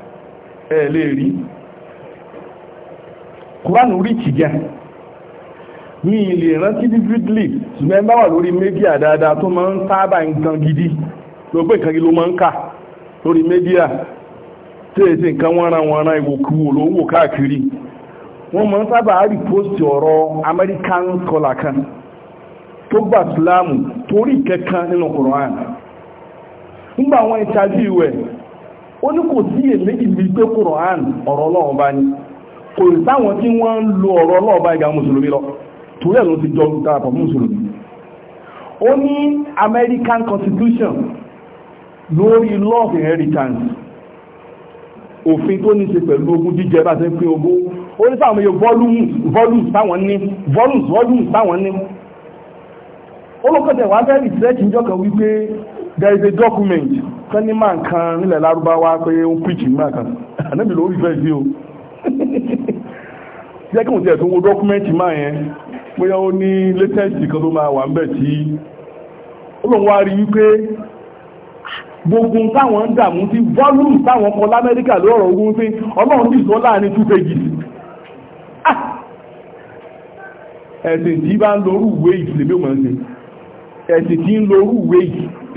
ẹ̀ rí kúránù rí tìjẹ́ mi lè rántí bí bídlì ṣùgbọ́n bá wà lórí mẹ́díà dáadáa tó ń gidi ló pé nǹkan ló máa ń kà lórí mẹ́díà tí èsì nǹkan wọ́n ran wọn ran ìwòkúwò ló wò káàkiri wọ́n máa ń kan tó gbà sílámù torí ó ní kò sí èméjì bíi pé Qur'an ọ̀rọ̀ Ọlọ́run bá ní kò sí táwọn tí wọ́n ń lo ọ̀rọ̀ Ọlọ́run bá ìgbà mùsùlùmí lọ torí ẹ̀ ló ti jọ darapọ̀ mùsùlùmí ó ní American Constitution lórí law of inheritance òfin tó ní ṣe pẹ̀lú ogún jíjẹ bá ṣe pín ogún ó ní sáwọn iye volumes táwọn ní volumes volumes táwọn ní ó lókọ̀tẹ̀ wá fẹ́ rìsẹ́ẹ̀tì ìjọ wípé there is a document kẹ́ni man kan nílẹ̀ lárúbáwá pé ó ń píìtì máa kan ànábì ló rí fẹ́ sí o jẹ́ kí n tiẹ̀ tó wo document máa yẹn bóyá ó ní latest kan tó máa wà ń bẹ̀ tí ó lóun wá rí wípé gbogbo táwọn ń dààmú sí volume táwọn kọ lamẹ́ríkà lọ́rọ̀ ogun pé ọlọ́run ti sọ láàrin two pages ah! ẹ̀sìn tí bá ń lorú ìwé ìsìlẹ̀mí òmìnira ẹ̀sìn tí ń lorú ìwé ìsìlẹ̀mí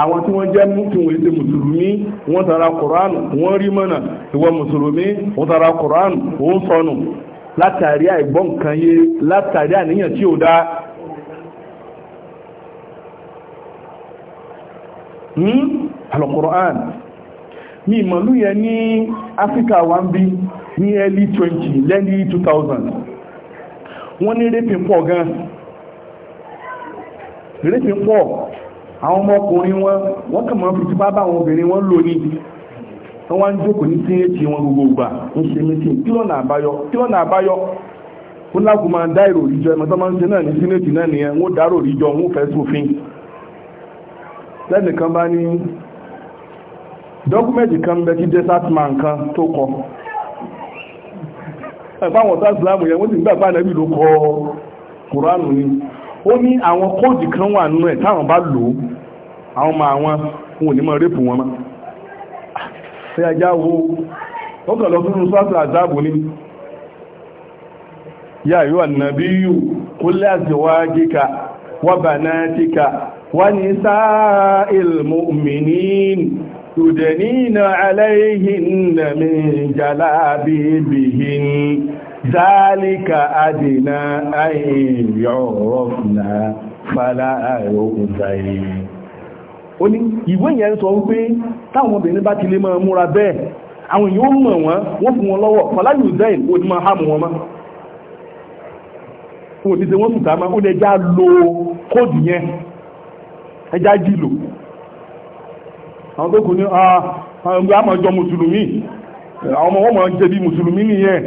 àwọn tí wọ́n jẹ́ mùsùlùmí wọ́n ti mùsùlùmí wọ́n tara kùránù wọ́n rí mọ́nà ìwọ mùsùlùmí wọ́n tara kùránù wọ́n sọnù látàrí àìgbọ́n nǹkan yé látàrí àníyàn tí ò dáa ní hmm? alùkùrán ní ìmọ̀lú yẹn ní áfíríkà wa ń bí ní early 20 lẹ́ni 2000 wọ́n ní rẹ́pìn pọ̀ gan rẹ́pìn pọ̀ àwọn ọmọkùnrin wọn wọ́n kàn máa fi tipá bá àwọn obìnrin wọn lò ní wọ́n wá ń jókòó ní tí ètì wọn gbogbo gbà ń ṣe mítí kílọ̀nà àbáyọ kílọ̀nà àbáyọ máa dá èrò ìjọ máa ń ṣe náà ní náà nìyẹn wọ́n dárò ìjọ wọ́n fẹ́ sófin bá ní dọ́kúmẹ́ntì kan bẹ tí desert man kan tó kọ ẹ̀fọ́ àwọn ọ̀tá ìsìlámù yẹn wọ́n ti gbà ó ní àwọn kóòdù kan wà nínú ẹ̀ táwọn bá lò ó àwọn ọmọ àwọn ohun ò ní mọ rẹ́pù wọn mọ́ ṣe ajá wo ó kàn lọ fún un sọ́ọ̀tù àzáàbò ni yá yóò kó láti wá gíga wá bànátíkà wá ní sáà ilmu من جلابيبهن zálíkà àdìnà àìyàn rọ̀fìnà fàlà àìrókùn sáyé ó ní ìwé yẹn sọ wípé táwọn obìnrin bá ti lè máa múra bẹ́ẹ̀ àwọn èèyàn mọ̀ wọ́n wọ́n fún wọn lọ́wọ́ fọláyù zayn ó ní máa hámù wọn mọ́ wọn ò ní ṣe wọ́n sùn dáma ó ní ẹja lo kóòdù yẹn ẹja jì lò àwọn tó kù ní ah, àwọn ọmọ wọn jẹ bí mùsùlùmí nìyẹn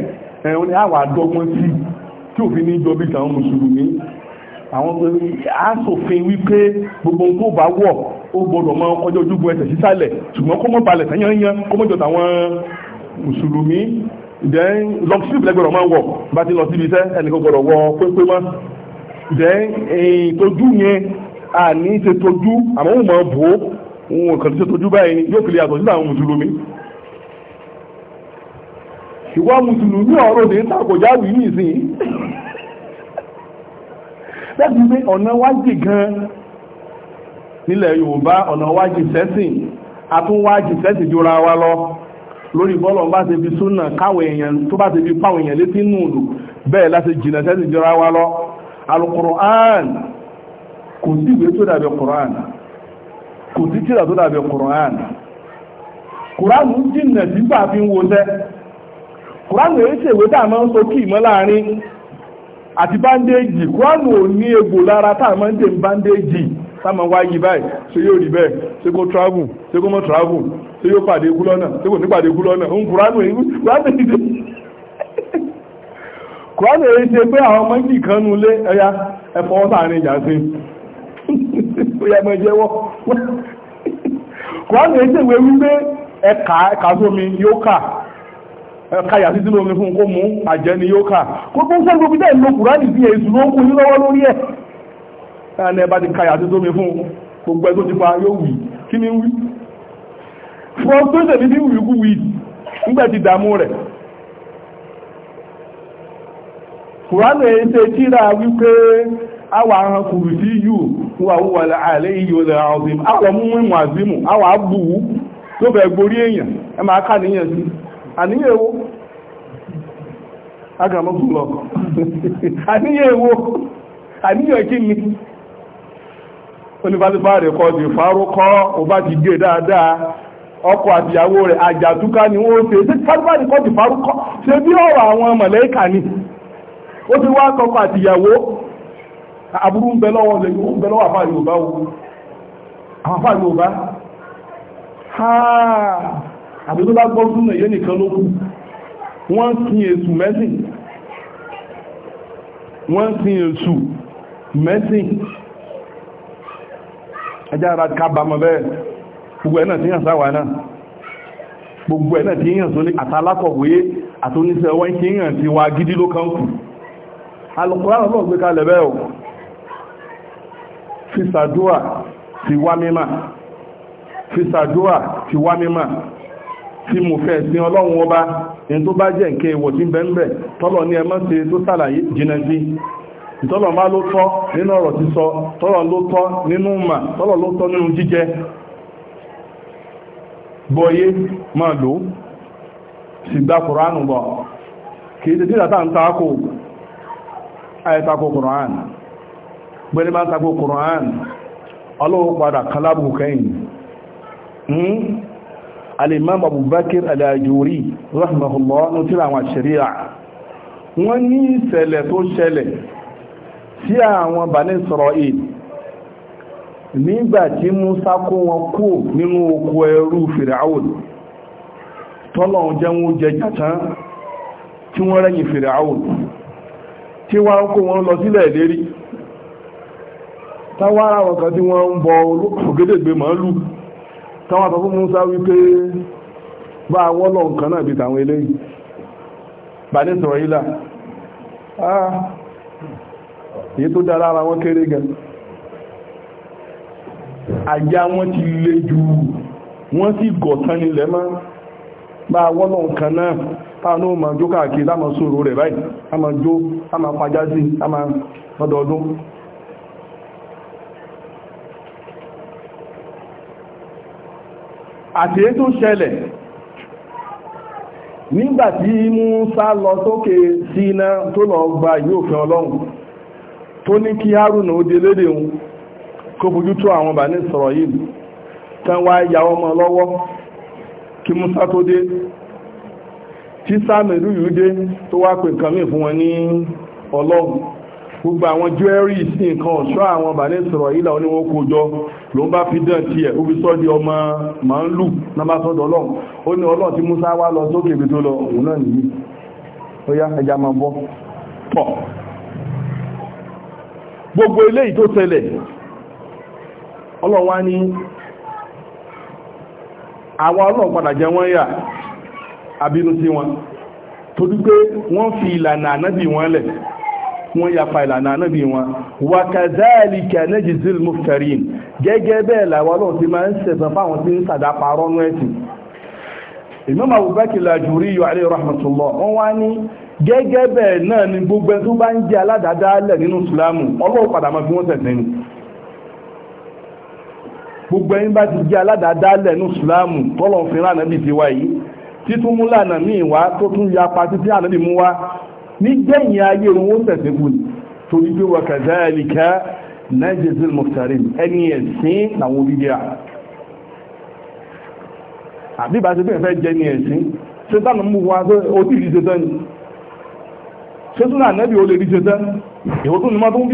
ẹ̀wọ́n ni a wà dọ́gbọ́n sí tí òfin ní jọbí tàwọn mùsùlùmí àwọn aṣòfin wípé gbogbo tó bá wọ̀ ó gbọdọ̀ mọ́ ọjọ́ ojúgbọ́ ẹsẹ̀ sísàlẹ̀ ṣùgbọ́n kó mọ́ balẹ̀ tẹ́yányán kó tàwọn mùsùlùmí then lọ́pùsùlù lẹ́gbẹ̀rọ̀ máa ń wọ̀ bá ti lọ síbi iṣẹ́ ẹnìkan gbọdọ̀ wọ pépé mọ́ then ìtọ́jú eh, yẹn a ní ṣe tọ́jú àmọ́ òun máa bò ó òun kàn ti ṣe tọ́jú báyìí yóò fi lè yàtọ̀ sí àwọn mùsùlùmí ìwọ mùsùlùmí ọ̀rọ̀ òde tàkọjá wì ní ìsìn láti pé ọ̀nà wájì gan nílẹ̀ Yorùbá ọ̀nà wájì sẹ́sìn àtúnwájì sẹ́sìn jura wa lọ lórí bọ́lọ̀ bá ti fi súnà káwọn èèyàn tó bá ti fi páwọn jura wa lọ alukur'an kò sí ìwé tó dàbí kur'an kò sí tírà tó dàbí kur'an kur'an jìnà kùránù èyí ṣe ìwé tàà máa ń kí ìmọ̀ láàrin àti báńdéèjì kùránù ò ní egbò lára tàà máa ń dè báńdéèjì táàmà wá yí báyìí ṣé yóò rí bẹ́ẹ̀ ṣé travel ṣé travel ṣé yóò pàdé ikú lọ́nà ṣé kò ní pàdé ikú lọ́nà ń èyí èyí èyí pé àwọn ọmọ yìí kan ẹ̀yà ẹ̀fọ́ sàárín ó yẹ mọ Kaya sí sínú omi fún kó mú àjẹ́ yóò kà gbogbo sẹ́ni gbogbo jẹ́ kùránì sí èsù ló ń kú lórí ẹ̀ ẹni ẹ ti kaya sí sómi fún gbogbo ẹ tó ti pa yóò wì kí ni wí fún tó ṣèlú wì kú wì nígbà dààmú rẹ̀ kùránì ṣe ra wípé awa kùrù sí yù wà àlẹ́ mú ìwọ̀n tó bẹ̀ gborí èèyàn ẹ máa níyàn sí àníyàn èwo agàmọ́kù lọ àníyàn èwo àníyàn kí ni onífàtífà rẹ̀ kọ́ di fárúkọ́ ọba ti gbé dáadáa ọkọ àtìyàwó rẹ̀ àjàtúká ni wọ́n ṣe ṣe fàtífà rẹ̀ kọ́ di fárúkọ́ ṣe bí ọ̀rọ̀ àwọn mọ̀lẹ́kà ni ó ti wá kọ́kọ́ àtìyàwó àbúrú ń bẹ lọ́wọ́ àbí tó bá gbọ́ súnà yóò nìkan ló kù wọ́n sin èṣù mẹ́sìn wọ́n sin èṣù mẹ́sìn ẹjá ara kábàmọ̀ bẹ́ẹ̀ gbogbo ẹ̀nà tí yàn sáwà náà gbogbo ẹ̀nà tí yàn tó ní àtàlákọ̀wé àtóníṣẹ́ wọ́n tí yàn ti wà gidi ló kàn kù alùkùnrin náà gbé kalẹ̀ bẹ́ẹ̀ o ti wá mímà tí mo fẹ́ sí ọba ní tó bá jẹ́ nǹkan èèwọ̀ tí ń bẹ tọ́lọ̀ ní ẹmọ́ tó sàlàyé jìnà sí ìtọ́lọ̀ má ló tọ́ nínú ọ̀rọ̀ sísọ tọ́lọ̀ ló tọ́ nínú mà tọ́lọ̀ ló nínú jíjẹ bọ́yé sì gba kùránù bọ̀ kìí ń takò àìtakò kùránù alimam abubakar alajuri rahimahullah ní tí àwọn àṣíríà wọ́n ní ìṣẹ̀lẹ̀ tó ṣẹlẹ̀ sí àwọn Bani Isra'il nígbàtí Musa kó wọn kú nínú oko ẹrú Fir'aun tọ́lọ̀un jẹun jẹjà tán tí wọ́n rẹ̀yìn Fir'aun tí wọ́n kó wọn lọ sílẹ̀ lérí táwárà wọn kan tí wọ́n ń bọ ògédègbè màálù táwọn àtọ́kùn Musa wípé bá wọ́n lọ nǹkan náà bí tàwọn eléyìí bà ní sọ̀rọ̀ ilá èyí tó dára ara wọn kéré gan àjá wọn ti le jù wọ́n sì gọ̀tán nílẹ̀ mọ́ bá wọ́n lọ nǹkan náà táwọn ó máa jó káàkiri láàmà sọ̀rọ̀ rẹ̀ báyìí àti èyí tó ṣẹlẹ̀ nígbàtí Mùsá lọ sókè Sínà tó lọ gba ìyóòfin Ọlọ́run tó ní kí Hárùnà ó dé lédè òun kó fojú tó àwọn Bani Israel tán wá ya ọmọ lọ́wọ́ kí Mùsá tó dé tí sáàmìlú yìí dé tó wá pè kàmí fún wọn ní Ọlọ́run gbogbo àwọn jewelry sí nǹkan ọ̀ṣọ́ àwọn Bani Israel ìlà oníwọ́n kó jọ ló ń bá fi dán ọmọ ń lù náà sọ́dọ̀ ọlọ́run ó ní ọlọ́run tí Musa wá lọ sókè ibi tó lọ òun náà nìyí ó yá ẹja gbogbo eléyìí tó tẹ̀lẹ̀ ọlọ́run wá ní àwọn ọlọ́run padà jẹ wọ́n yà abínú sí wọn fi ìlànà ànábì wọn lẹ̀ wọ́n yapa ìlànà ànábì wọn wa kadhalika najzil muftarin gẹ́gẹ́ bẹ́ẹ̀ làwọn ọlọ́run ti máa ń ṣẹ̀san fáwọn tí ń sàdá parọ́ nú ẹ̀sìn Imam Abubakar Al-Ajuri alayhi rahmatullah wọ́n wá ní gẹ́gẹ́ bẹ́ẹ̀ náà ni gbogbo ẹ̀ tó bá ń jẹ́ aládàádáálẹ̀ nínú ìsìlámù ọlọ́run padà máa fi wọ́n ṣẹ̀san ni gbogbo ẹ̀yin bá ti jẹ́ aládàádáálẹ̀ nínú ìsìlámù tọ́lọ̀ fi rán ànábì ti wá yìí títún mú lànà wá tó tún yapa títí ànábì mú wá ní gbẹ̀yìn ayé wọn tẹ̀sẹ̀ fún ni torí pé wà kàzáàlìká najzil muftarin ẹni ẹ̀sìn làwọn orílẹ̀ à àbí bá ti bẹ́ẹ̀ fẹ́ jẹ́ ní ẹ̀sìn ṣe tánà mú ni ṣe tún ànẹ́bí tún ni má tún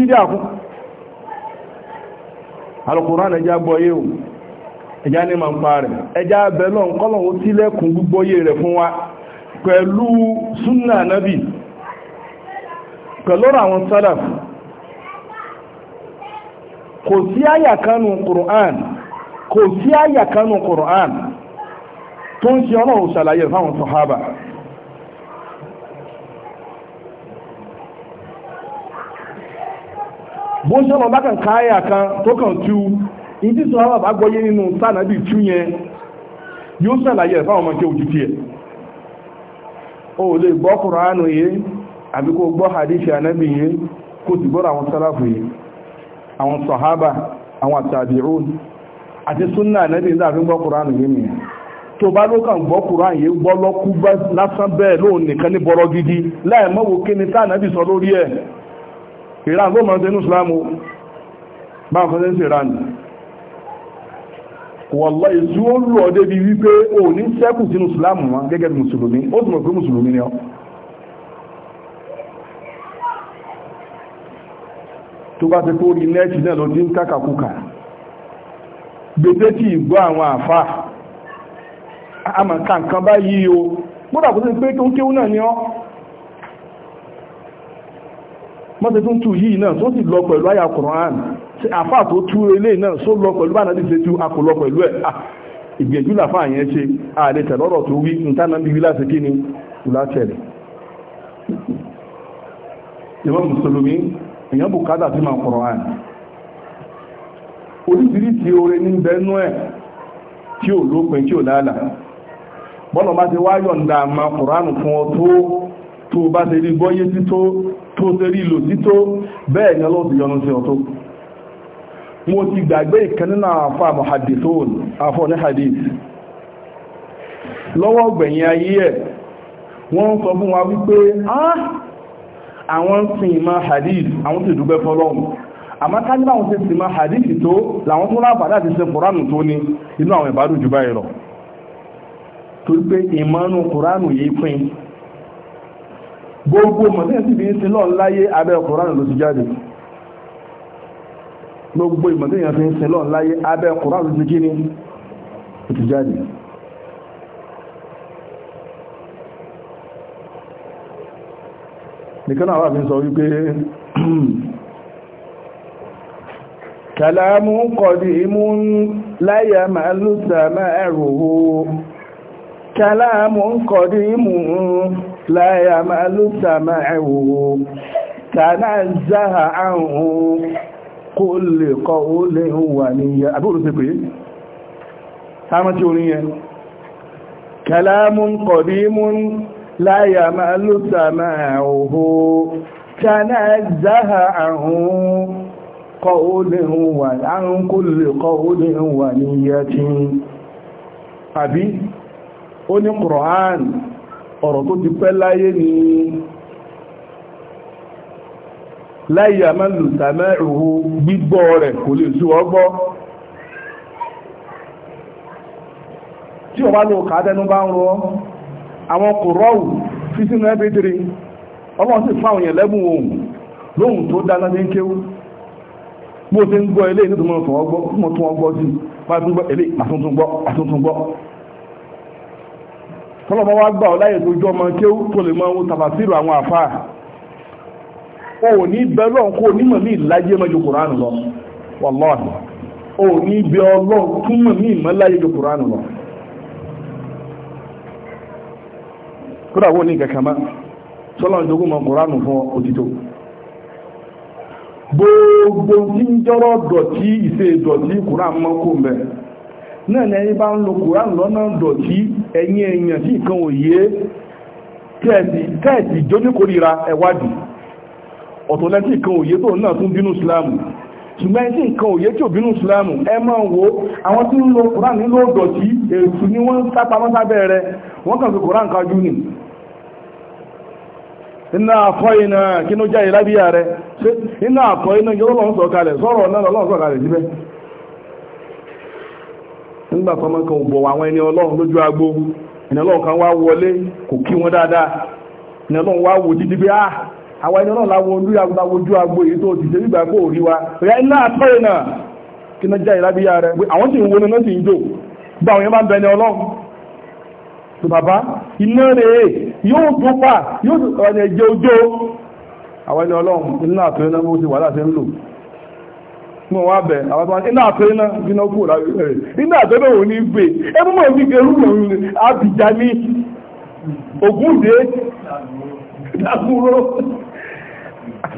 o ẹjá ní ma ń pa rẹ̀ ẹjá ń kọ́lọ̀ ó sílẹ̀kùn rẹ̀ fún wa pẹ̀lú pẹ̀lọ́rọ̀ àwọn salaf kò sí àyàkánu Qur'an kò sí àyàkánu Qur'an tó ń ṣe ọlọ́run ṣàlàyé fáwọn sọ̀hábà bó ń ṣọ́nà bákan káyà kan tó kàn tú ìdí sọ̀hábà bá gbọ́yé nínú sànàbì tú yẹn yóò ṣàlàyé fáwọn àbí kó gbọ́ hadith anábì yìí kó ti gbọ́rọ̀ àwọn sàláfù yìí àwọn sàhábà àwọn àtàbíùn àti súnà anábì ní àfi gbọ́ kùrán yìí mi tó bá ló kàn gbọ́ kùrán yìí gbọ́ lọ́kú lásán bẹ́ẹ̀ lóun nìkan ní bọ́rọ̀ gidi láì mọ́wò kí ni tánàbì sọ lórí ẹ̀ ìran ló mọ̀ sínú islamu báwọn kan sí ìran wọ̀lọ́ ìsú ó lù débi wípé òun sẹ́kù sínú islamu wọn gẹ́gẹ́ bí ó sì mọ̀ pé mùsùlùmí ni ọ́ tó bá ti kó rí nẹ́ẹ̀tì náà ló ti ń kàkàkùkà gbèsè tí ìgbọ́ àwọn àfà àmà kàǹkan báyìí o gbọ́dọ̀ kó sí pé tó ń kéwú náà ni ọ́ mọ́tí tó ń tú yìí náà tó sì lọ pẹ̀lú àyà Kùránì tí àfà tó tú ilé náà só lọ pẹ̀lú bá náà ti a kò lọ pẹ̀lú ẹ̀ ah, ìgbìyànjú làfà yẹn ṣe ààrẹ tẹ̀lọ́rọ̀ tó wí nítànà bí wí láti kí ni ìlà tẹ̀lẹ̀ ìmọ̀ mùsùlùmí èèyàn bùkátà sí ma Kùránì oríṣiríṣi oore ní bẹnú ẹ̀ tí ò lópin tí ò dáadáa bọ́nà bá ti wá yọ̀ǹda ma fún ọ tó tó bá ṣe rí gbọ́yé tító tó ṣe rí ìlò tító bẹ́ẹ̀ ni ọlọ́sì yọ́nú sí mo ti gbàgbé ìkan nínú sọ fún wa wípé ah àwọn ń sin ìmọ̀ hadith àwọn sì dúpẹ́ fọlọ́run àmọ́ ká nígbà wọn ti sin ìmọ̀ hadith tó làwọn tó láàbà láti ṣe kùránù tó ní inú àwọn ìbádùn jù báyìí lọ torí pé ìmọ̀nù kùránù yìí pín gbogbo mọ̀tẹ́yìn sì fi ń sin lọ́ọ̀ láyé abẹ́ kùránù ló ti jáde gbogbo ìmọ̀tẹ́yìn fi ń sin lọ́ọ̀ láyé abẹ́ kùránù ló ti kí ni ó ti jáde nìkan náà wà fi sọ wípé kàlámù kọ̀dìmú láyà máa lùsà máa rùhù kàlámù kọ̀dìmú láyà máa lùsà máa rùhù tànáàzáhà àrùn kó lè kọ́ ó lè ń wà ní ya pé لا يمل سماعه تنزه عنه kọ وعن كل قول ونية àbí kọ ní Qur'an ọ̀rọ̀ tó ti pẹ́ láyé ni la yamallu tí ọ bá lò kàádẹ́nú bá ń rọ́ àwọn kò rọ́wù fi sínú ẹbí tiri ọmọ sí fún àwọn ẹ̀lẹ́bùn ohun lóhun tó dáná ní kéwú bó ti ń gbọ́ ilé nítorí mọ́ tún ọgbọ́ mọ́ tún ọgbọ́ sí máa tún gbọ́ ilé àtúntúngbọ́ àtúntúngbọ́ tọ́lọ́mọ́ wá gbà ọ láyè tó jọ ọmọ kéwú tó lè mọ ohun tàbàtìrù àwọn àfáà o ò ní bẹ lọ́n kó onímọ̀ ní ìlàjẹ́ mọ́jú kùránù lọ wàlọ́ọ̀dì o ò ní bẹ ọlọ́ọ̀ túnmọ̀ ní ìmọ̀láyé jù lọ kódà wọ́n ní kankan má sọ́lọ́run jogún mọ́ fún òtítọ́ gbogbo tí ń jọ́rọ̀ dọ̀tí ìṣe dọ̀tí kùránù mọ́ náà ní ẹni bá ń lo kùránù lọ́nà dọ̀tí ẹ̀yìn èèyàn tí nǹkan òye kẹ́ẹ̀sì jóníkòríra ẹ̀wádìí ọ̀tọ̀lẹ́tì kan òye tó náà ṣùgbọ́n tí nǹkan òye tí òbínú ìsìlámù ẹ máa ń wo àwọn tí ń lo koran nínú ọ̀dọ̀tí èsù ni wọ́n ń sápamọ́ sábẹ́ rẹ̀ wọ́n kàn fi koran kájú ni iná àfọ́ iná kí ló jáde lábíyà rẹ̀ iná àfọ́ iná yóò lọ́n sọ kalẹ̀ sọ̀rọ̀ náà lọ́n sọ kalẹ̀ síbẹ̀ nígbà tó máa kan ò bọ̀ àwọn ẹni ọlọ́run lójú agbo ẹni wá wọlé kò kí wọn dáadáa wá wò dídí bí àwọn ẹni náà láwọn olúyàwó láwọn ojú agbo èyí tó ti ṣe nígbà kó rí wa rẹ̀ iná àtọ́rẹ̀ náà kí náà já ìrábíyà rẹ̀ pé àwọn tí ń wọnà náà sì ń jò gbà àwọn yẹn bá ń bẹni ọlọ́run tó bàbá iná rẹ̀ yóò tó pa yóò ọ̀nà ẹ̀jẹ̀ ojó àwọn ẹni ọlọ́run iná àtọ́rẹ̀ náà mo ti wà láti ń lò mo wá bẹ̀ àwọn tó wá iná àtọ́rẹ̀ náà gbiná kúrò láti rẹ̀ iná àtọ́rẹ̀ ò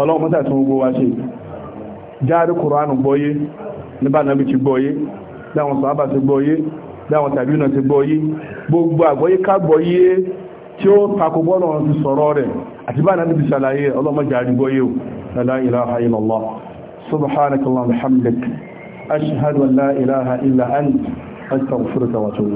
ọlọ́mọ́ta tún gbogbo wa ṣe jáàrí kùránù gbọ́yé níbà náàbí ti gbọ́yé dáwọn sọ́ábà ti gbọ́yé dáwọn tàbí náà ti gbọ́yé gbogbo àgbọ́yé ká gbọ́yé tí ó takò bọ́lọ̀ ti sọ̀rọ̀ rẹ̀ àti bá náà níbi ṣàlàyé ọlọ́mọ́jáàrí gbọ́yé la ilaha illallah subhanakallahumma wa bihamdik